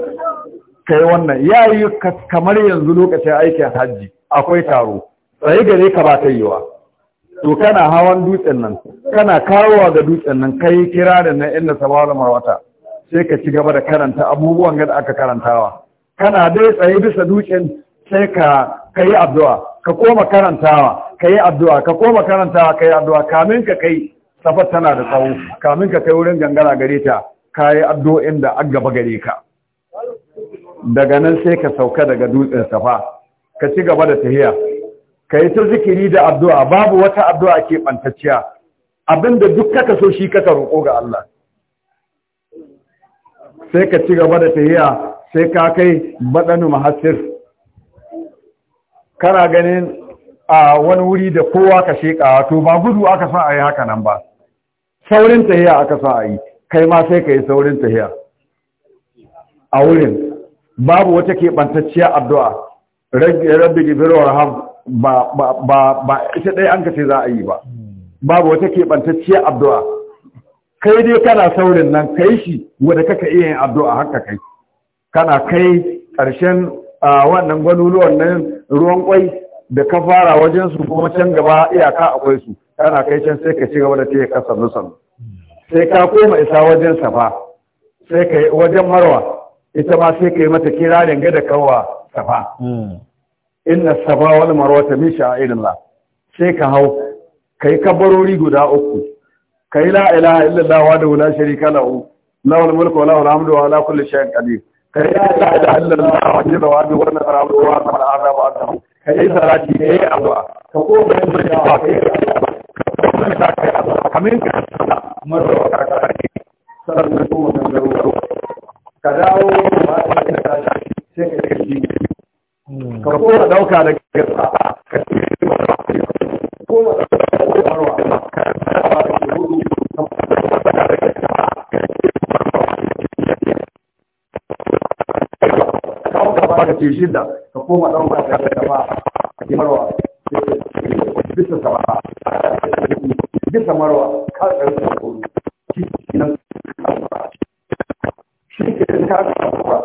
kai wannan ya yi kamar yanzu lokacin aikin hajji akwai taro tsaye gare ka ba ta yiwa to kana hawan dutsen nan kana kawowa ga dutsen nan kai kira da na inda sabawar marwata sai ka ci gaba da karanta abubuwan da aka karantawa kana dai tsaye bisa dutsen sai ka kai addu'a ka koma karantawa ka yi addu'a ka koma karantawa ka yi addu'a kamin ka kai safar tana da tsawo kamin ka kai wurin gangara gare ta ka yi addu'o'in da an gaba gare ka daga nan sai ka sauka daga dutsen safa ka ci gaba da tahiya ka yi ta zikiri da addu'a babu wata addu'a ke ɓantacciya abinda duk kaka so shi kaka roƙo ga Allah sai ka ci gaba da tahiya sai ka kai baɗanu mahassir kana ganin a wani wuri da kowa ka sheƙa to ba gudu aka sa a yi haka nan ba saurin tahiya aka sa a yi kai ma sai ka yi saurin tahiya a wurin babu wata keɓantacciya addu'a rabbi gifir warham ba ba ba ita ɗaya an kace za a yi ba babu wata keɓantacciya addu'a kai dai kana saurin nan kai shi wanda kaka iya yin addu'a haka kai kana kai ƙarshen wannan gwanuluwan nan ruwan kwai da ka fara wajen su kuma can gaba iyaka akwai su kana kai can sai ka ci gaba da ta yi ƙasar nusan sai ka koma isa wajen safa sai ka wajen marwa ita ma sai ka yi mata kirarin gada kawwa safa hmm. inna safa wal marwa ta min sha'irillah sai ka hau kai kabarori guda uku kai la ilaha illallah wa da la sharika lahu lahul mulku wa lahul wa ala kulli shay'in qadir kai la ilaha illallah wa da wa da wa da wa da wa da kai ka yi addu'a ka koma bayan da ya kai aminka mara wata kare sannan kuma ka ka koma dauka da ka ba a koma ka ta ka ka da ka bisa sabata bisa marwa ka tsari da kuru shi nan shi ke da ka tsari ba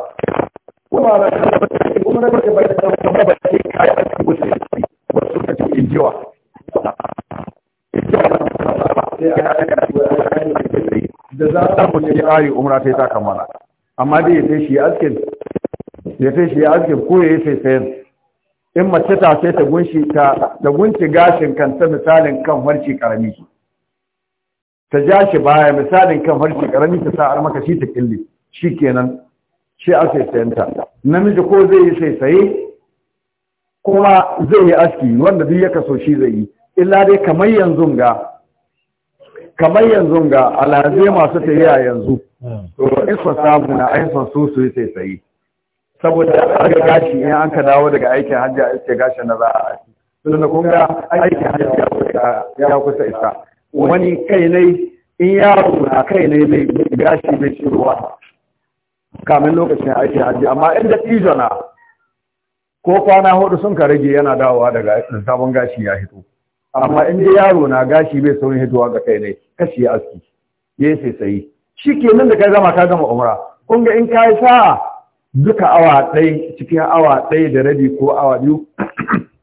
kuma da ka tsari kuma da ka bai da ka ba ke kai a cikin wuce wasu ka ce injiwa da za ta mu ne ƙari umra sai ta kamala amma dai ya sai shi askin ya sai askin ko ya sai sayan in mace ta sai ta ta da gunci gashin kanta misalin kan warci karami ta ja shi baya misalin kan harshe karami ta maka shi ta killi shi kenan shi a sayanta namiji ko zai yi saisaye kuma zai yi aski wanda duk ya kaso shi zai yi illa dai kamar yanzu ga kamar yanzu ga alhazai masu a yanzu to in so samu na ai son su su yi saisaye saboda an ga gashi in an ka dawo daga aikin hajji a iske gashi na za a aiki tunda kun ga aikin hajji ya kusa isa wani kai ne in yaro na kai ne mai gashi mai shirwa kamin lokacin aiki hajji amma in da na ko kwana hudu sun ka rage yana dawowa daga sabon gashi ya hito amma in yaro na gashi bai saurin hitowa ga kai ne kashi ya aski ya yi sai shi ke nan da ka zama, ka gama umra kun ga in ka yi sa'a duka awa ɗaya cikin awa ɗaya da rabi ko awa biyu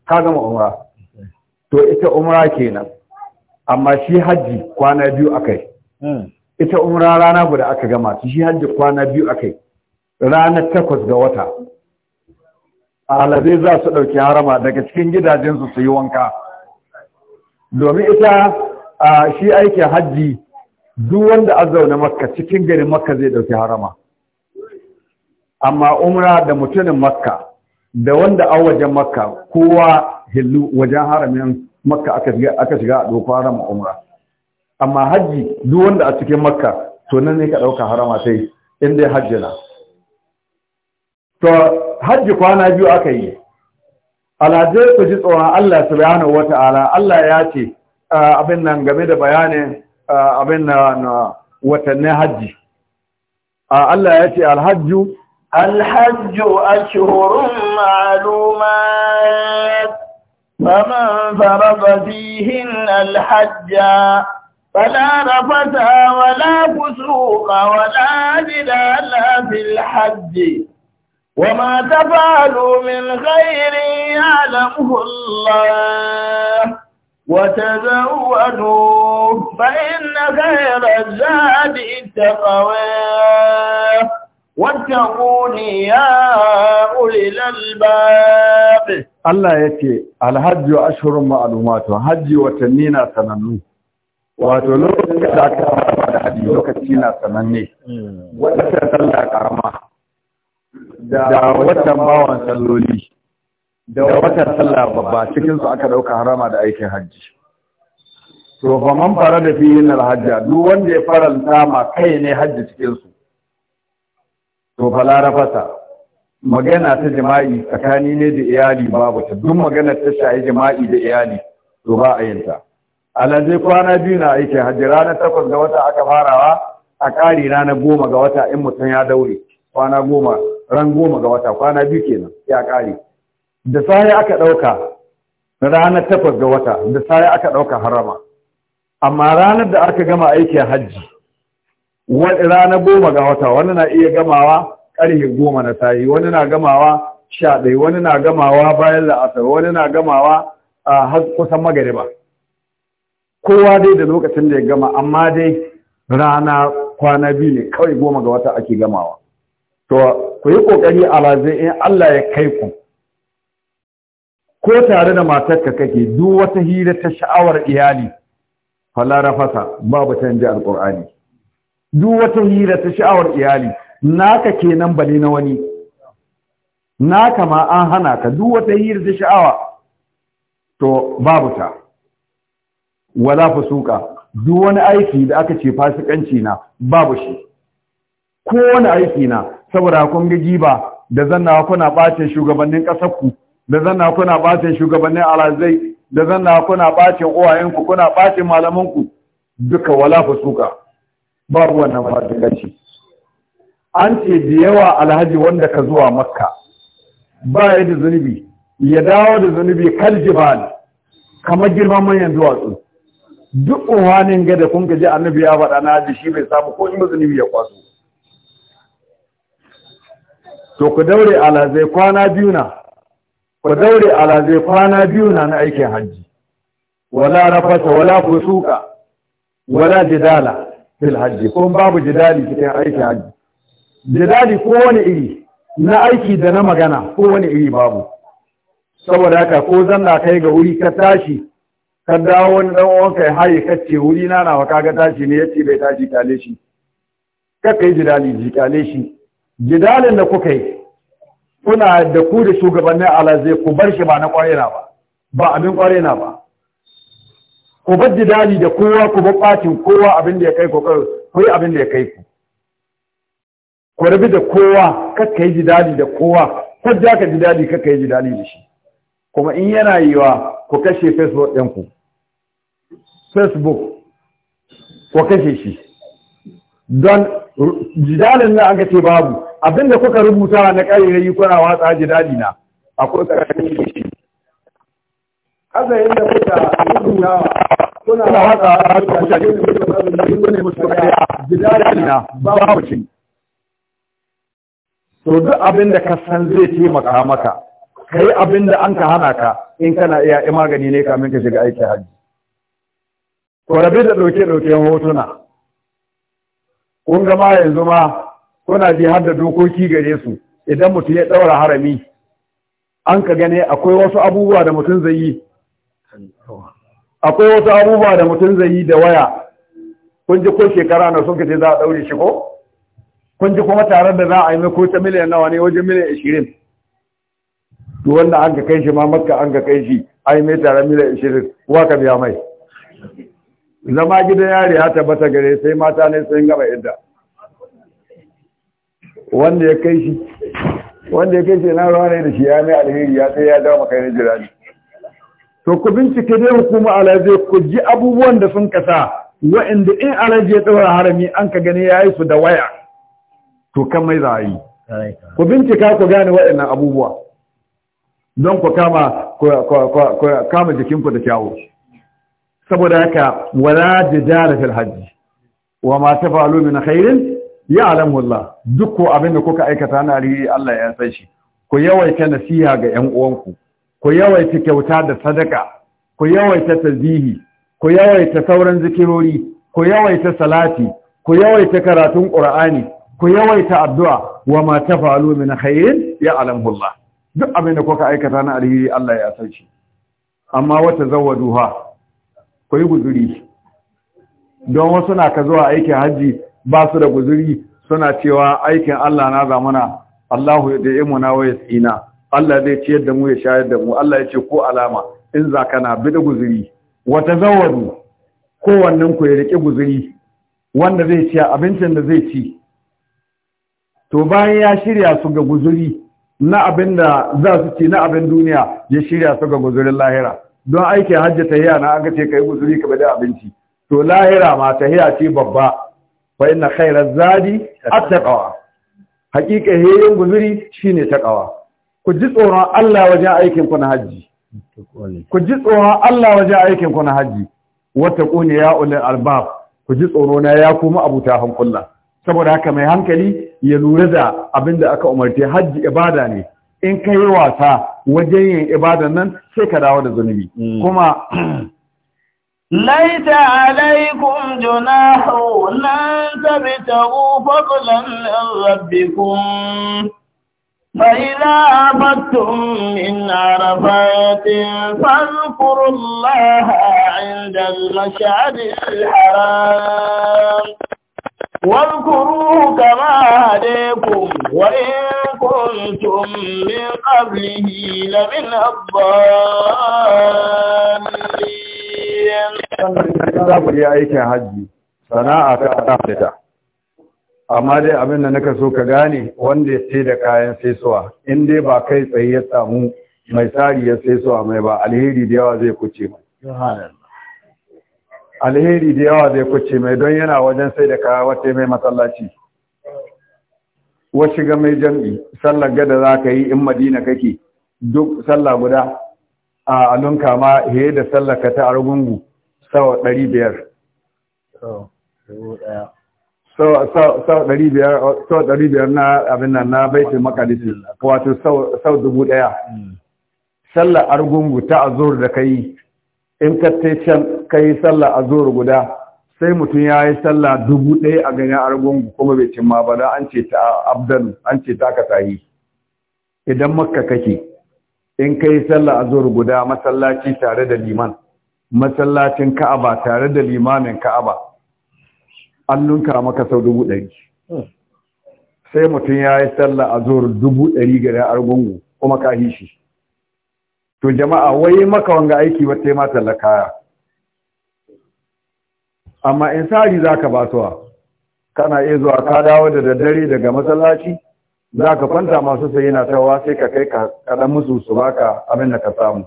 ka gama umra to ita umra kenan amma shi hajji kwana biyu akai hmm. ita umra rana guda aka gama shi hajji kwana biyu akai ranar takwas ga wata alazai za su ɗauki harama daga cikin gidajensu su yi wanka domin ita shi aikin hajji duk wanda a zaune makka cikin garin makka zai ɗauki harama amma umra da mutumin makka da wanda a wajen makka kowa hillu wajen haramin makka aka shiga a ɗauko harama umra amma hajji duk wanda a cikin makka to nan ne ka ɗauka harama sai in dai hajji na to hajji kwana biyu aka yi alhaji ku ji tsoron Allah subhanahu ta'ala. Allah ya ce abin nan game da bayanin abin na watannin hajji Allah ya ce alhajju alhajju ashhurun ma'lumat فمن فرض فيهن الحج فلا رفث ولا فسوق ولا جدال في الحج وما تفعلوا من خير يعلمه الله وتزودوا فإن خير الزاد التقوى واتقون يا أولي الألباب Allah ya ce alhajji wa ashirin ma'alumatu hajji watanni na sanannu wato lokacin da aka fara da hajji lokaci na sananne wata sallah karama da watan bawan salloli da watan sallah babba cikinsu aka ɗauka harama da aikin hajji to fa man fara da yin alhajja duk wanda ya faranta ma kai ne hajji cikinsu to fa larafasa magana ta jima'i tsakani ne da iyali babu ta duk magana ta shayi jima'i da iyali to ba a yanta. Allah alhazai kwana biyu na aiki hajji ranar takwas ga wata aka farawa a ƙari ranar goma ga wata in mutum ya daure kwana goma ran goma ga wata kwana biyu kenan ya ƙari da safe aka ɗauka ranar takwas ga wata da safe aka ɗauka harama amma ranar da aka gama aiki hajji ranar goma ga wata wani na iya gamawa ƙarfe goma na tayi wani na gamawa shaɗai wani na gamawa bayan la'asar wani na gamawa a har kusan magariba kowa dai da lokacin da ya gama amma dai rana kwana biyu ne kawai goma ga wata ake gamawa to ku yi ƙoƙari a lazai in Allah ya kai ku ko tare da matarka kake duk wata hira ta sha'awar iyali falarafasa babu canji alƙur'ani duk wata hira ta sha'awar iyali naka kenan bane na wani naka ma an hana ka duk wata hiyar da sha'awa to babu ta wala fusuka duk wani aiki da aka ce fasikanci na babu shi ko wani aiki na saboda kun ga giba da zanna kuna bace shugabannin kasar ku da zanna kuna bace shugabannin alazai da zanna kuna bace uwayen ku kuna bace malaman ku duka wala fusuka babu wannan fasikanci an ce da yawa alhaji wanda ka zuwa makka ba ya da zunubi ya dawo da zunubi kal jibal kamar girman manyan duwatsu duk uhanin gada kun gaji annabi ya faɗa na haji shi bai samu ko in zunubi ya kwaso to ku daure alhazai kwana biyu na ku daure alhazai kwana biyu na na aikin haji wala rafata wala fusuka wala jidala fil haji ko babu jidali cikin aikin haji. jidali ko wani iri na aiki da na magana ko wani iri babu saboda haka ko zanna kai ga wuri ka tashi ka dawo wani dan uwan kai haye ka ce wuri na nawa kaga tashi ne yace bai tashi kale shi ka kai jidali ji kale shi jidalin da kuka yi kuna da ku da shugabannin zai ku bar shi ba na kwarena ba ba abin kwarena ba ku bar jidali da kowa ku bar bacin kowa abin da ya kai ku ku abin da ya kai ku ku rabi da kowa kakka yi jidali da kowa ja ka jidali kakka yi jidali da shi kuma in yana yiwa ku kashe facebook ɗinku facebook ku kashe shi don jidalin na an ce babu abinda kuka rubuta na yi kuna watsa jidali na akwai kashe shi azayin da kuka rubuta kuna watsa jidali na babu shi to duk abin da ka san zai taimaka maka kai abin da an ka hana ka in kana iya magani ne kamin ka shiga aikin hajji ko rabi da ɗauke ɗauken hotuna kun gama yanzu ma kuna ji har da dokoki gare su idan mutum ya ɗaura harami an ka gane akwai wasu abubuwa da mutum zai yi akwai wasu abubuwa da mutum zai yi da waya kun ji ko shekara na sun ce za a ɗaure shi ko kun ji kuma tare da za a yi mai ko ta miliyan nawa ne wajen miliyan ishirin. to wanda an ka kai shi ma makka an ka kai shi a yi mai taron miliyan ishirin. kuwa ka biya mai zama gidan yari ya tabbata gare sai mata ne sai gaba yadda wanda ya kai shi wanda ya kai shi na ruwa ne da shi ya mai alheri ya sai ya dawo maka ne jirage. to ku bincike dai hukuma alhaji ku ji abubuwan da sun kasa wa'anda in alhaji ya tsawar harami an ka gani ya yi su da waya to kan mai za a yi ku bincika ku gane waɗannan abubuwa don ku kama kama jikinku da kyawu saboda haka wala da fil hajji wa ma mina min khairin alam Allah duk ko abin da kuka aikata na alheri Allah ya san shi ku yawaita nasiha ga ƴan uwanku ku yawaita kyauta da sadaka ku yawaita tasbihi ku yawaita sauran zikirori ku yawaita salati ku yawaita karatun qur'ani ku yawaita addu'a wa mata falo mina ya alamu Allah duk abin da kuka aikata na alheri Allah ya san shi amma wata duha ku yi guzuri don wasu na ka zuwa aikin hajji ba su da guzuri suna cewa aikin Allah na zamana Allahu ya na wa tsina. Allah zai ciyar da mu ya shayar da mu Allah ya ce ko alama in za ka bi da guzuri wata zawadu kowannen ku ya riƙe guzuri wanda zai ci abincin da zai ci to bayan ya shirya su ga guzuri na abin da za su ci na abin duniya ya shirya su ga guzurin lahira don aikin hajji hiyana, na aka ce kai guzuri ka bada abinci to lahira ma ta hiya ce babba fa inna khairaz zadi at-taqwa haƙiƙa heyin guzuri shine taqwa ku ji tsoron Allah wajen aikin ku na hajji ku ji tsoron Allah wajen aikin ku na hajji wata ya ulil albab ku ji tsoro na ya kuma abuta hankulla saboda haka mai hankali ya lura da abin da aka umarce hajji ibada ne in ka yi wasa wajen yin ibadan nan sai ka dawo da zunubi mm. kuma ليس عليكم جناح أن تبتغوا فضلا من ربكم فإذا عبدتم من عرفات فاذكروا الله عند المشعر الحرام واذكروه كما هديكم وإن كنتم من قبله لمن الضالين za ku je aikin hajji sana'a ta fita amma dai abin da naka so ka gane wanda ya sai da kayan saisuwa in dai ba kai tsaye ya samu mai tsari ya saisuwa mai ba alheri da yawa zai kuce mai alheri da yawa zai kuce mai don yana wajen sai da kaya wata mai masallaci wasu ga mai jam'i sallar gada za ka yi in madina kake duk sallah guda a alun kama he da sallar ka ta argungu sau ɗari biyar sau ɗari biyar na abin nan na baitul makalisi wato sau dubu ɗaya hmm. sallar argungu ta azur da ka yi in ka tai can ka yi sallah a zuwar guda sai mutum ya yi sallah dubu ɗaya a ganin argungu kuma bai cimma ba da an ce ta abdan an ce ta ka tahi idan makka kake in ka yi sallah a zuwar guda masallaci tare da liman masallacin ka'aba tare da limanin ka'aba an nunka maka sau dubu ɗari sai mutum ya yi sallah a zuwar dubu ɗari ganin argungu kuma ka hishi shi to jama'a wai maka wanga aiki ba sai ma talaka amma in sari zaka ba suwa kana iya zuwa ka dawo da daddare daga masallaci zaka kwanta masu sai yana tawa sai ka kai ka musu su baka abin da ka samu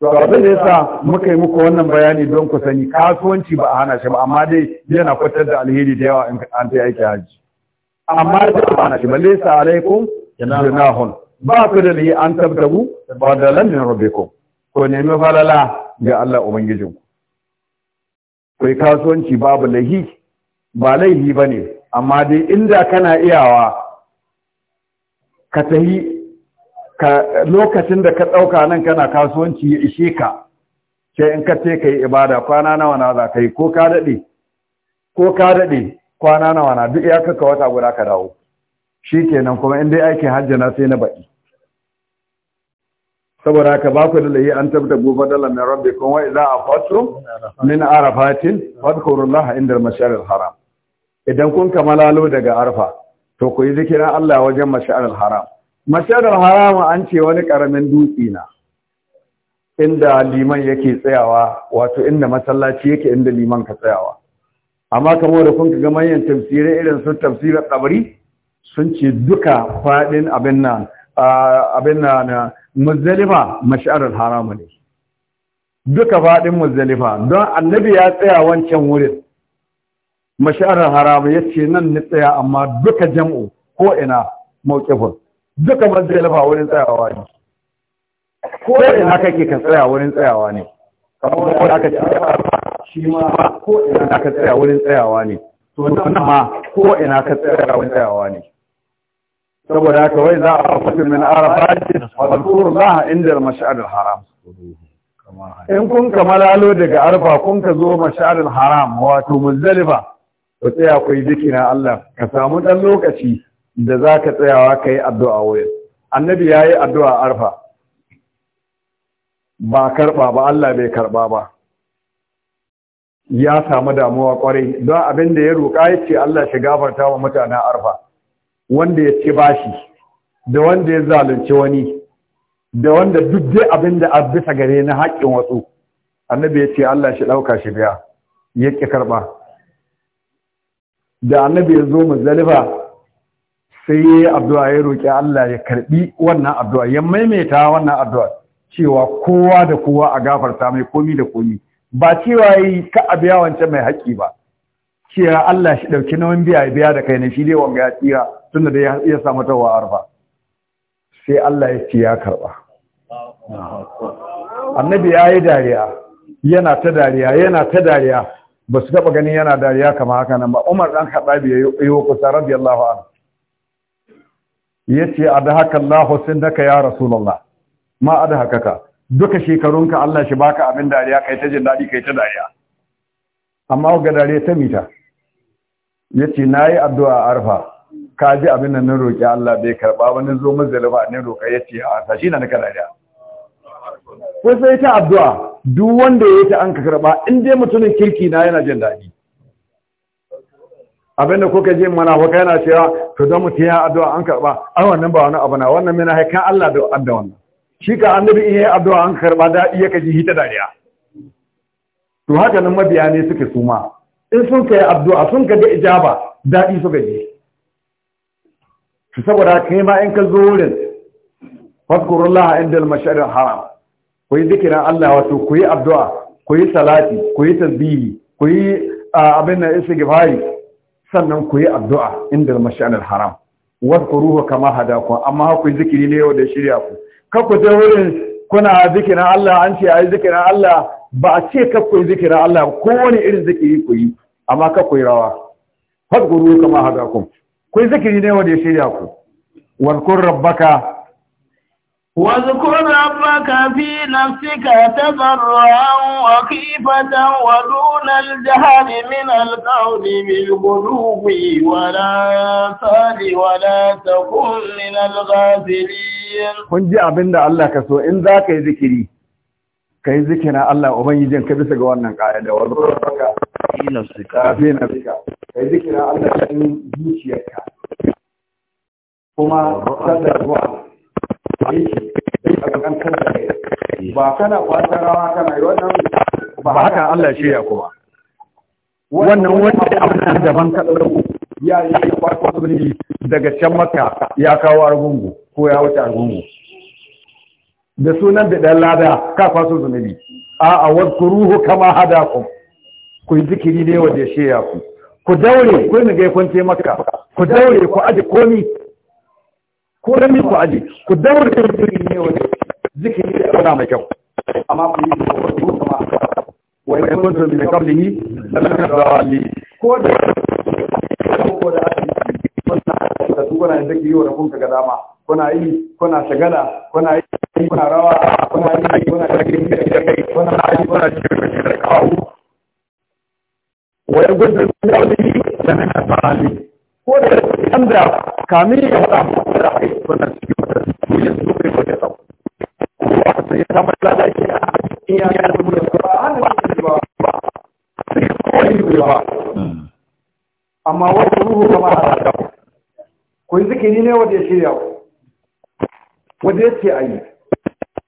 to abin da yasa muka yi muku wannan bayani don ku sani kasuwanci ba a hana shi ba amma dai yana kwatar da alheri da yawa in an ta aiki haji amma dai ba hana shi balle sa alaikum junahun ba ku da li an tabtabu ba da lamin ku ko nemi falala ga Allah ubangijinku kai kasuwanci babu lahi ba laihi ne. amma dai inda kana iyawa ka tahi ka lokacin da ka ɗauka nan kana kasuwanci ya ishe ka sai in ka ce kai ibada kwana nawa na za ka yi ko ka dade ko ka dade kwana nawa na duk ya kaka wata guda ka dawo shi kenan kuma in dai aikin hajji na sai na baɗi saboda haka ba ku da lahi an tabbata gobe dala min za wa idza afatum min arafatin fadhkurullaha inda mashayar haram idan kun kamalalo daga arfa to ku yi zikirin Allah wajen mashayar haram Mashayar haram an ce wani karamin dutse na inda liman yake tsayawa wato inda masallaci yake inda liman ka tsayawa amma kamar da kun ga manyan tafsirai irin su tafsirar tabari sun ce duka faɗin abin nan abin nan muzalifa, mash'arul haramu ne duka faɗin muzalifa. don annabi ya tsaya wancan wurin mash'arul haramu. ya ce nan ni tsaya amma duka jam'u ko ina mawqifun duka muzdalifa wurin tsayawa ne ko ina kake ka tsaya wurin tsayawa ne kamar wanda aka ce shi ma ko ina ka tsaya wurin tsayawa ne to nan ma ko ina ka tsaya wurin tsayawa ne saboda haka wai za a fasu min arafati fadkurullah inda al-mash'ar al-haram in kun kamalalo daga arfa kun ka zo mash'ar al-haram wato muzdalifa ku tsaya ku yi zikira Allah ka samu dan lokaci da zaka tsayawa yi addu'a wurin annabi yayi addu'a arfa ba karba ba Allah bai karba ba ya samu damuwa kwarai don abin da ya roƙa ce Allah shi gafarta wa mutanen arfa wanda ya ci bashi da wanda ya zalunci wani da wanda duk dai abin da bisa gare na haƙƙin wasu annabi ya ce Allah shi ɗauka shi biya ya ƙi karɓa da annabi ya zo muzdalifa sai ya yi addu'a ya roƙi Allah ya karɓi wannan addu'a ya maimaita wannan addu'a cewa kowa da kowa a gafarta mai komi da komi ba cewa yi ka biya wancan mai haƙƙi ba cewa Allah shi ɗauki nauyin biya ya biya da kai na shi dai wanga ya tsira tunda da ya iya samu tawa arfa sai Allah ya ce ya karba annabi ya yi dariya yana ta dariya yana ta dariya ba su taba ganin yana dariya kama haka nan ba umar dan haɗa ya yi kusa radiyallahu anhu da haka Allah husnaka ya rasulullah ma a da haka ka duka shekarunka Allah shi baka abin dariya kai ta jin daɗi kai ta dariya amma ga dariya ta mita Ya ce na yi addu'a arfa ka ji abin nan na roƙi Allah bai karɓa wani zo mazalima ne roƙa ya ce a sashi na nika dariya ko sai ta addu'a duk wanda ya ta an ka karɓa in dai mutumin kirki na yana jin daɗi abin da kuka ji mana ko yana cewa to don mutum ya addu'a an karɓa ai wannan ba wani abu na wannan hai kan Allah da addu'a wannan shi ka annabi in ya addu'a an karɓa daɗi ya kaji hita dariya to haka nan mabiya ne suke suma in sun kai addu'a sun ka da ijaba daɗi suka ji shi saboda kai ma in ka zo wurin fadkurullah inda al-mash'aril haram ku yi zikirin Allah wato ku yi addu'a ku yi salati ku yi tasbihi ku yi abin isa istighfari sannan ku yi addu'a inda al Wasu haram wadkuruhu kama ku amma ku yi zikiri ne yau da shirya ku ka ku je wurin kuna zikirin Allah an ce yi zikirin Allah ba a ce ka ku yi zikirin Allah ko wani irin zikiri ku yi amma ka ku yi rawa fadkuruhu kama ku kun zikiri ne wanda ya shirya ku wazkur rabbaka wazkur rabbaka fi nafsika tazarran wa khifatan wa duna al-jahr min al-qawl bil ghulubi wa la tali wa la takun kun ji abinda Allah ka so in zaka yi zikiri Kai zikina Allah Ubangijin ka bisa ga wannan ƙa'ida wa zurraka fi na fi ka zikina Allah yin zuciyarka kuma sallar zuwa yake da kan da ba kana kwata rawa kana yi wannan ba haka Allah shi ya kuma wannan wani abin daban ka ɗauko ya yi ne, daga can maka ya kawo argungu ko ya wuce argungu da sunan da ɗan lada ka kwaso zunubi a a wadkuruhu kama hada ku ku yi zikiri ne wanda ya sheya ku ku daure ku yi ga kun maka. ku daure ku aji komi ko da ku aji. ku daure ku zikiri ne wanda zikiri da ana mai kyau amma ku yi wadkuruhu kama hada wa in Na min qablihi lamazali ko da ko da kuna da kuna da zikiri wanda kun ga dama kuna yi kuna shagala kuna yi kuna rawa kuna yi kuna cikin da kai kuna aji kuna cikin da kawo wai gudun da wani da na fara ko da kan da kamin ya faɗa mu da ai suna cikin wata mu ya zo kai wata sau ko sai ya samu lada ke a cikin ya ya da mutum ba an ba ba ba sai ko ni ba amma wata ruhu kama a da ku yi zikiri ne wanda ya shirya wanda ya ce ayi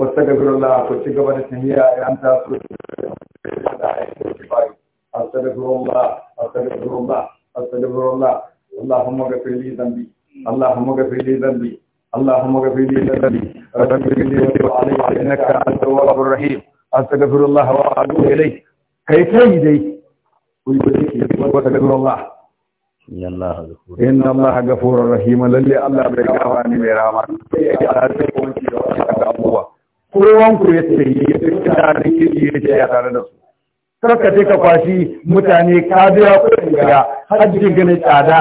واستغفر الله فتقبل التهيئة أنت أستغفر الله أستغفر الله أستغفر الله اللهم اغفر لي ذنبي اللهم اغفر لي ذنبي اللهم اغفر لي ذنبي رب اغفر لي وتب علي إنك أنت التواب الرحيم أستغفر الله وأتوب إليه كي سيدي واستغفر الله إن الله غفور رحيم للي الله بيغفر لي ويرحمك kowan ku ya tsaye ya fi da rikiki ya ce ya tare da su kar ka ce ka kwashi mutane ka biya kuɗin ga hajji ganin tsada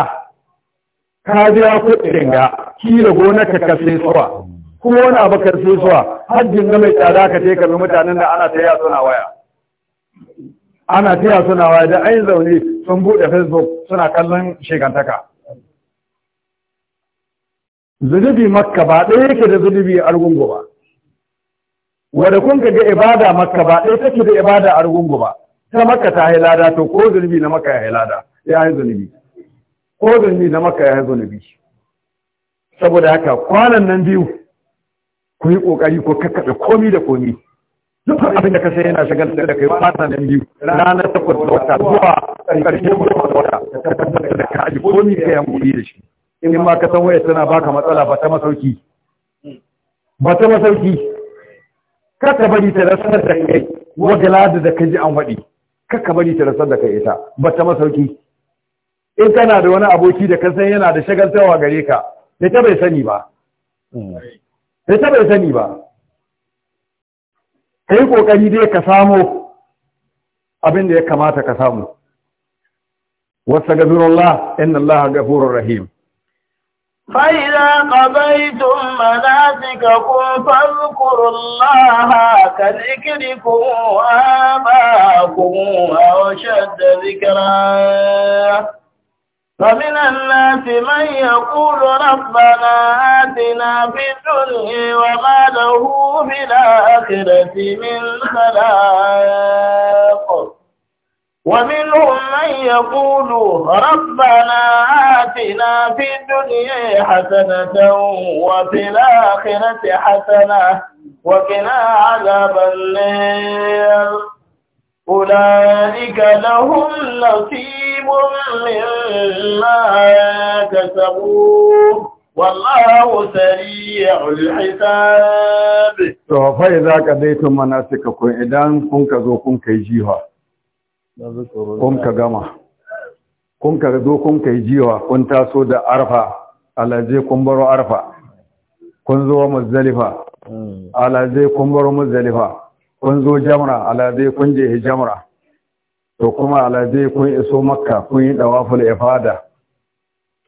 ka biya kuɗin ga kila gona ka kasai suwa kuma wani abu kasai suwa hajji ga mai tsada ka ce ka bi mutanen da ana ta yaso na waya ana ta yaso na waya da yi zaune sun buɗe facebook suna kallon shekantaka zunubi makka ba ɗaya yake da zunubi argungu ba wadda kun ga ibada makka ba ɗaya take da ibada a rugungu ba ta makka ta hailada to ko zunubi na makka ya hailada ya yi zunubi ko zunubi na makka ya yi zunubi saboda haka kwanan nan biyu ku yi ƙoƙari ko kakkaɓe komi da komi duk abin da ka sai yana shagal da kai kwanan nan biyu ranar takwas da wata zuwa ƙarshen da wata Ka tabbatar da ka aji komi ka yi da shi in ma ka san waya tana baka matsala ba ta masauki ba ta masauki kaka bari ta rasar da kai wagalada da kaji an waɗi kaka bari ta rasar da kai ita ba ta masauki in kana da wani aboki da kasan yana da shagaltawa gare ka da ta bai sani ba hmm. da ta bai sani ba ka yi ƙoƙari dai ka samu abin da ya kamata ka samu wasu gazurullah inna allaha gafurur rahim فإذا قضيتم مناسككم فاذكروا الله كذكركم وآباكم وأشد ذكرا فمن الناس من يقول ربنا آتنا في الدنيا وما له في الآخرة من خلاق ومنهم من يقول ربنا آتنا في الدنيا حسنة وفي الآخرة حسنة وقنا عذاب النار أولئك لهم نصيب مما كسبوا والله سريع الحساب. فإذا قضيتم مناسككم إذا كنت ذو كنت جيها kun ka gama kun ka zo kun ka yi jiwa kun taso da arfa alaje kun baro arfa kun zo muzdalifa hmm. alaje kun baro muzdalifa kun zo jamra alaje kun je jamra to kuma alaje kun iso makka kun yi dawaful ifada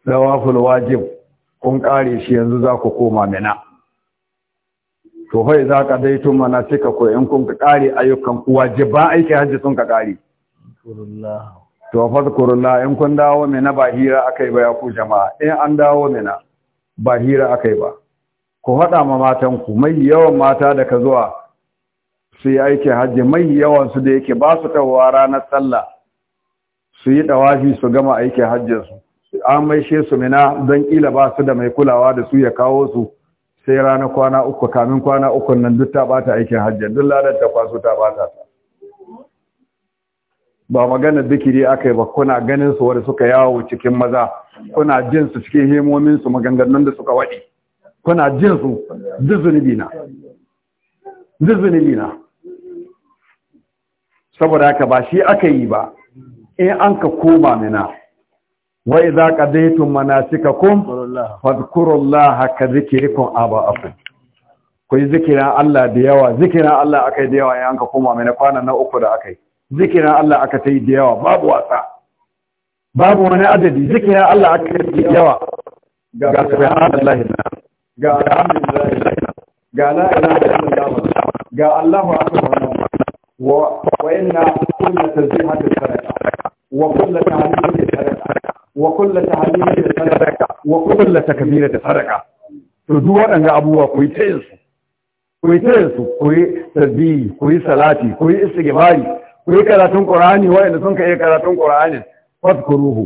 dawaful wajib kun kare shi yanzu za ku koma mina to fa za ka daito mana ka ko in kun ka kare ayyukan ku wajiban aiki hajji sun ka kare to fadkurullah in kun dawo mina ba hira akai ba ya ku jama'a in an dawo mina bahira hira akai ba ku haɗa ma matanku, ku mai yawan mata da ka zuwa su yi aikin hajji mai yawan su da yake ba su tawa ranar sallah su yi dawafi su gama aikin hajjin su an maishe su mina don kila ba su da mai kulawa da su ya kawo su sai ranar kwana uku kamin kwana uku nan duk ta bata aikin hajjin duk ladar ta kwaso ta bata ba magana zikiri aka yi ba kuna ganin su wanda suka yawo cikin maza kuna jin su cikin himomin su maganganun da suka waɗi kuna jin su dizunibina dizunibina na na saboda haka ba shi aka yi ba in an ka koma mina wa idza qadaytum manasikakum fadhkurullaha ka dhikrikum aba'akum ku yi zikirin Allah da yawa zikirin Allah akai da yawa in an ka koma mina kwana na uku da akai zikirin Allah aka ta yi da yawa babu wasa babu wani adadi zikirin Allah aka ta yi da yawa ga subhanallahi ga alhamdulillahi ga la ilaha illallah ga Allahu akbar wa wa inna kullu tasbihatin sadaqa wa kullu tahmidatin sadaqa wa kullu tahmidatin sadaqa wa kullu takbiratin sadaqa to duk waɗanda abubuwa ku yi ta yin su ku yi ta yin su ku yi tasbihi ku yi salati ku yi istighfari ku yi karatun qur'ani waɗanda sun ka yi karatun qur'ani fadkuruhu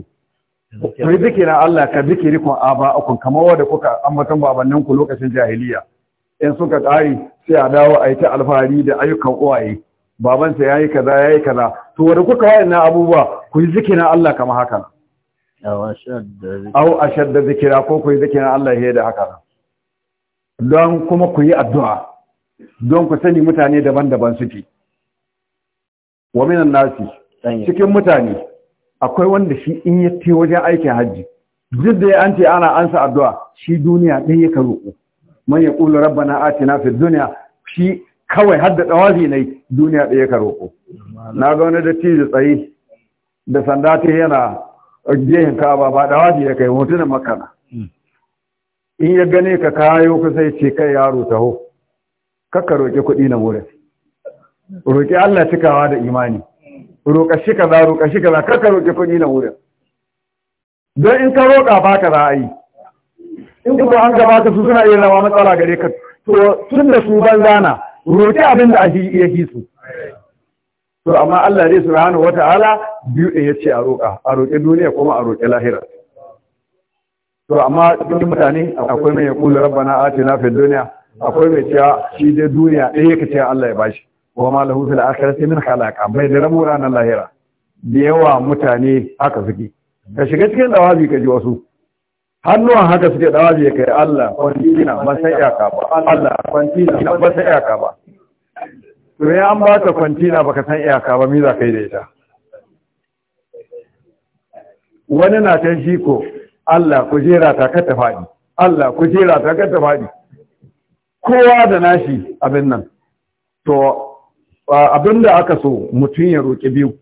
ku yi zikina Allah ka zikiri kun aba'akum kamar wanda kuka ambaton babannin ku lokacin jahiliya in suka tsari sai a dawo a yi ta alfahari da ayyukan uwaye babansa ya yi kaza ya yi kaza to wadda kuka na abubuwa ku yi zikina Allah kamar haka au ashadda zikira ko ku yi zikirin Allah ya da haka don kuma ku yi addu'a don ku sani mutane daban-daban suke wa minan nasi cikin mutane akwai wanda shi in ya te wajen aikin hajji duk da ya an ce ana ansa addu'a shi duniya ɗaya ya roƙo man ya ƙulu rabbana atina fi dunya shi kawai hadda dawazi ne duniya ɗaya ya roƙo na ga wani datti da tsayi da sanda ta yana gehen ka ba dawazi ya kai da makana in ya gane ka kayo ka sai ce kai yaro taho ka roƙi kuɗi na wurin roƙi Allah cikawa da imani roƙa shi kaza roƙa shi kaza kar ka roƙi kuɗi na wurin don in ka roƙa ba ka za a yi in ko an gaba ka su suna iya zama matsala gare ka to tun da su banza na roƙi abin da ake iya hi su to amma Allah hannu wata ala biyu ɗin ce a roƙa a roƙi duniya kuma a roƙi lahira to amma cikin mutane akwai mai ya kula rabbana atina fid dunya akwai mai cewa shi dai duniya ɗaya ka ce Allah ya bashi wa ma lahu fil akhirati min khalaqa bai da rabu ranar lahira da yawa mutane haka suke ka shiga cikin dawabi ka ji wasu hannuwan haka suke dawabi ya kai Allah kwantina ba sai iyaka ba Allah kwantina ba sai iyaka ba to ya an baka kwantina baka san iyaka ba me za ka yi da ita wani na ta shi ko Allah ku jera ta ka tafadi Allah ku jera ta ka ta faɗi kowa da nashi abin nan to abinda aka so mutum ya roƙi biyu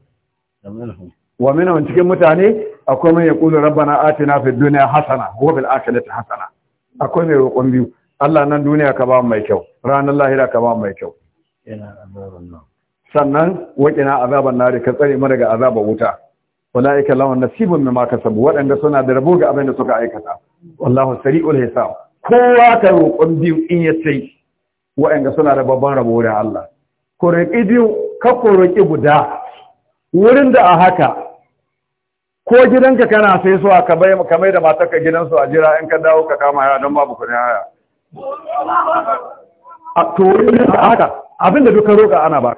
wa wani cikin mutane akwai mai yaqulu rabbana atina fi duniya hasana wa akhirati hasana akwai mai roƙon biyu Allah nan duniya ka ba mai kyau ranar lahira ka ba mai kyau sannan waƙina azaban nari ka tsare mana ga azabar wuta ulaika lawan nasibun mimma kasabu waɗanda suna da rabo ga abin da suka aikata wallahu sari'ul hisab kowa ka roƙon biyu in ya sai waɗanda suna da babban rabo da Allah ku riƙi biyu ka ku guda wurin da a haka ko gidanka kana sai su ka bai ka mai da matarka gidansu a jira in ka dawo ka kama haya don babu kuɗin haya a to wurin da a haka abinda duka roƙa ana ba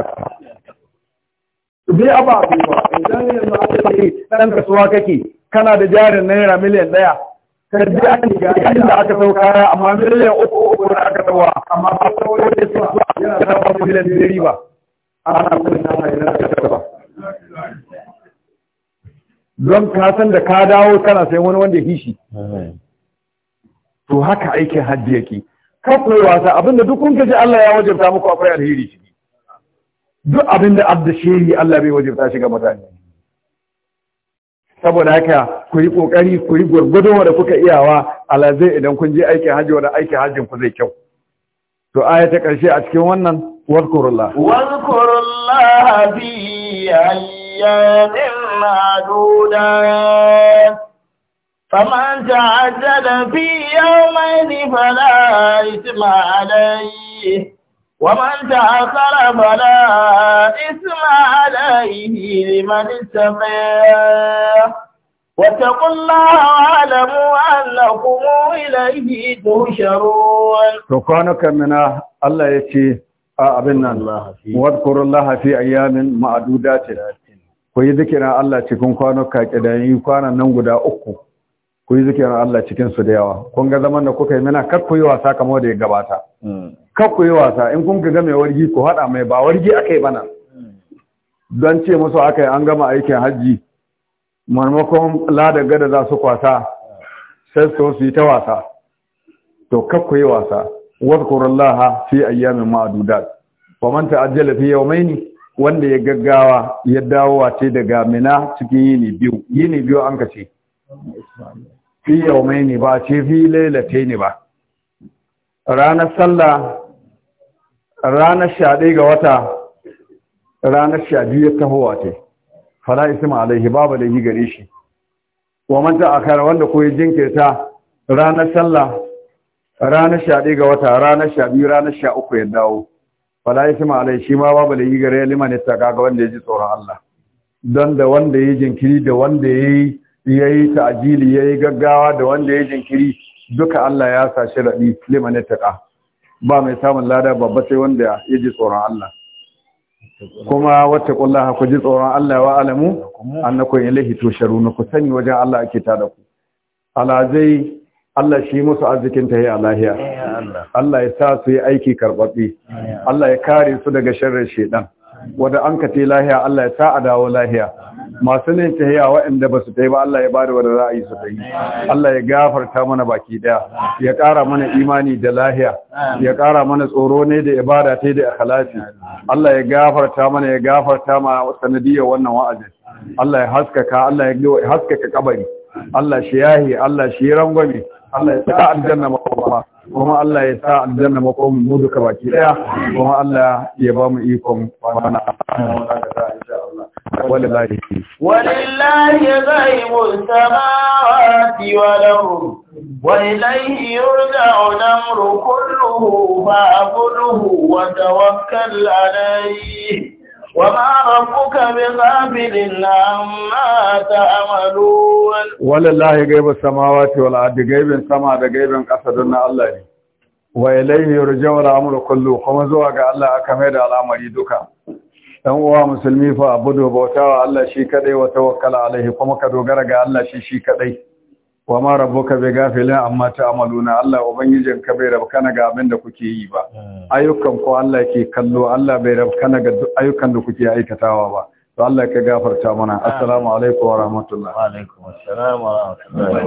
bi a ba idan yanzu aka yi ɗan kasuwa kake kana da jarin naira miliyan ɗaya tarbi an ga inda aka sauka amma miliyan uku uku da aka sauwa amma ba sauwa da su ba ta ba mu hilan diri ba ana kuma ta mai nan ta ba don ka san da ka dawo kana sai wani wanda ya shi to haka aikin hajji yake ka wasa abinda duk kun kaji Allah ya wajabta muku akwai alheri ciki duk abinda abda shiri Allah bai wajabta shi ga mutane saboda haka ku yi kokari ku yi gwargwado da kuka iyawa alazai idan kun je aikin hajji wanda aikin hajjin ku zai kyau to aya ta karshe a cikin wannan wazkurullah wazkurullah bi ayyamin maduda faman ta'addala fi yawmayn fala ithma alayhi ومن تأخر فلا إثم عليه لمن اتقى واتقوا الله واعلموا أنكم إليه تهشرون سبحانك من الله يشي أبنا الله واذكروا الله في أيام معدودات ku yi zikirin Allah cikin kwanuka yi kwanan nan guda uku ku yi zikirin Allah cikin su da yawa kun ga zaman da kuka yi mana kar ku yi wasa kamar da ya gabata ku yi wasa in kun ga mai wargi ku haɗa mai ba wargi aka yi bana don ce musu aka yi an gama aikin hajji marmakon lada gada za su kwasa sai su yi ta wasa to ku yi wasa Laha fi ayyamin ma'dudat wa man ta'ajjala fi yawmaini wanda ya gaggawa ya dawowa ce daga mina cikin yini biyu yini biyu an kace fi ni ba ce fi lailataini ba ranar sallah ranar sha ɗaya ga wata ranar sha biyu ya tahowa ce isi ma alaihi babu da gare shi wa manta a kara wanda ko ya jinkirta ranar sallah ranar sha ɗaya ga wata ranar sha biyu ranar sha uku ya dawo fala ma alaihi shi ma babu da gare liman ya taƙa ga wanda ya ji tsoron Allah don da wanda ya yi jinkiri da wanda ya yi ya yi ta'ajili ya yi gaggawa da wanda ya yi jinkiri duka Allah ya sa shi raɗi liman ya taka ba mai samun lada babba sai wanda ya ji tsoron Allah kuma wata kullaha ku ji tsoron Allah wa alamu annakum ilaihi na ku sani wajen Allah ake tada ku alazai Allah shi musu arzikin ta yi a lahiya Allah ya sa su yi aiki karɓaɓɓe Allah ya kare su daga sharrin shedan wanda an ka lahiya Allah ya sa a dawo lahiya masu ne ta yi a waɗanda ba su ta yi ba Allah ya bada wanda za a yi su yi. Allah ya gafarta mana baki ɗaya, ya ƙara mana imani da lahiya ya ƙara mana tsoro ne da ibada ta da ikhlasi Allah ya gafarta mana ya gafarta ma sanadiyar wannan wa'azin Allah ya haskaka Allah ya haskaka kabari Allah shi yahi Allah shi rangwame Allah ya sa aljanna makoma kuma Allah ya sa aljanna makoma mu duka baki ɗaya, kuma Allah ya ba mu ikon kwana Wallallahi Zai bur samawa ciwonon ru. Wai laifin yi hudu a ba a gudu wa tawakkar lalai. Wama abu ka fi zafi ɗin na amma ta wa la'adi. Gaiban sama da gaiban ƙasa don na Allahi. Wai Kuma zuwa ga Allah aka mai da al'amari duka. dan uwa musulmi fa abudu bautawa Allah shi kadai wa tawakkala alaihi kuma ka dogara ga Allah shi shi kadai wa ma rabbuka bi ghafilin amma ta'maluna Allah ubangijin ka bai rabkana ga abin da kuke yi ba hmm. ayyukan ko Allah ke kallo Allah bai na ga ayyukan da kuke aikatawa ba to Allah ka gafarta mana assalamu alaikum wa rahmatullah wa alaikum assalam wa rahmatullah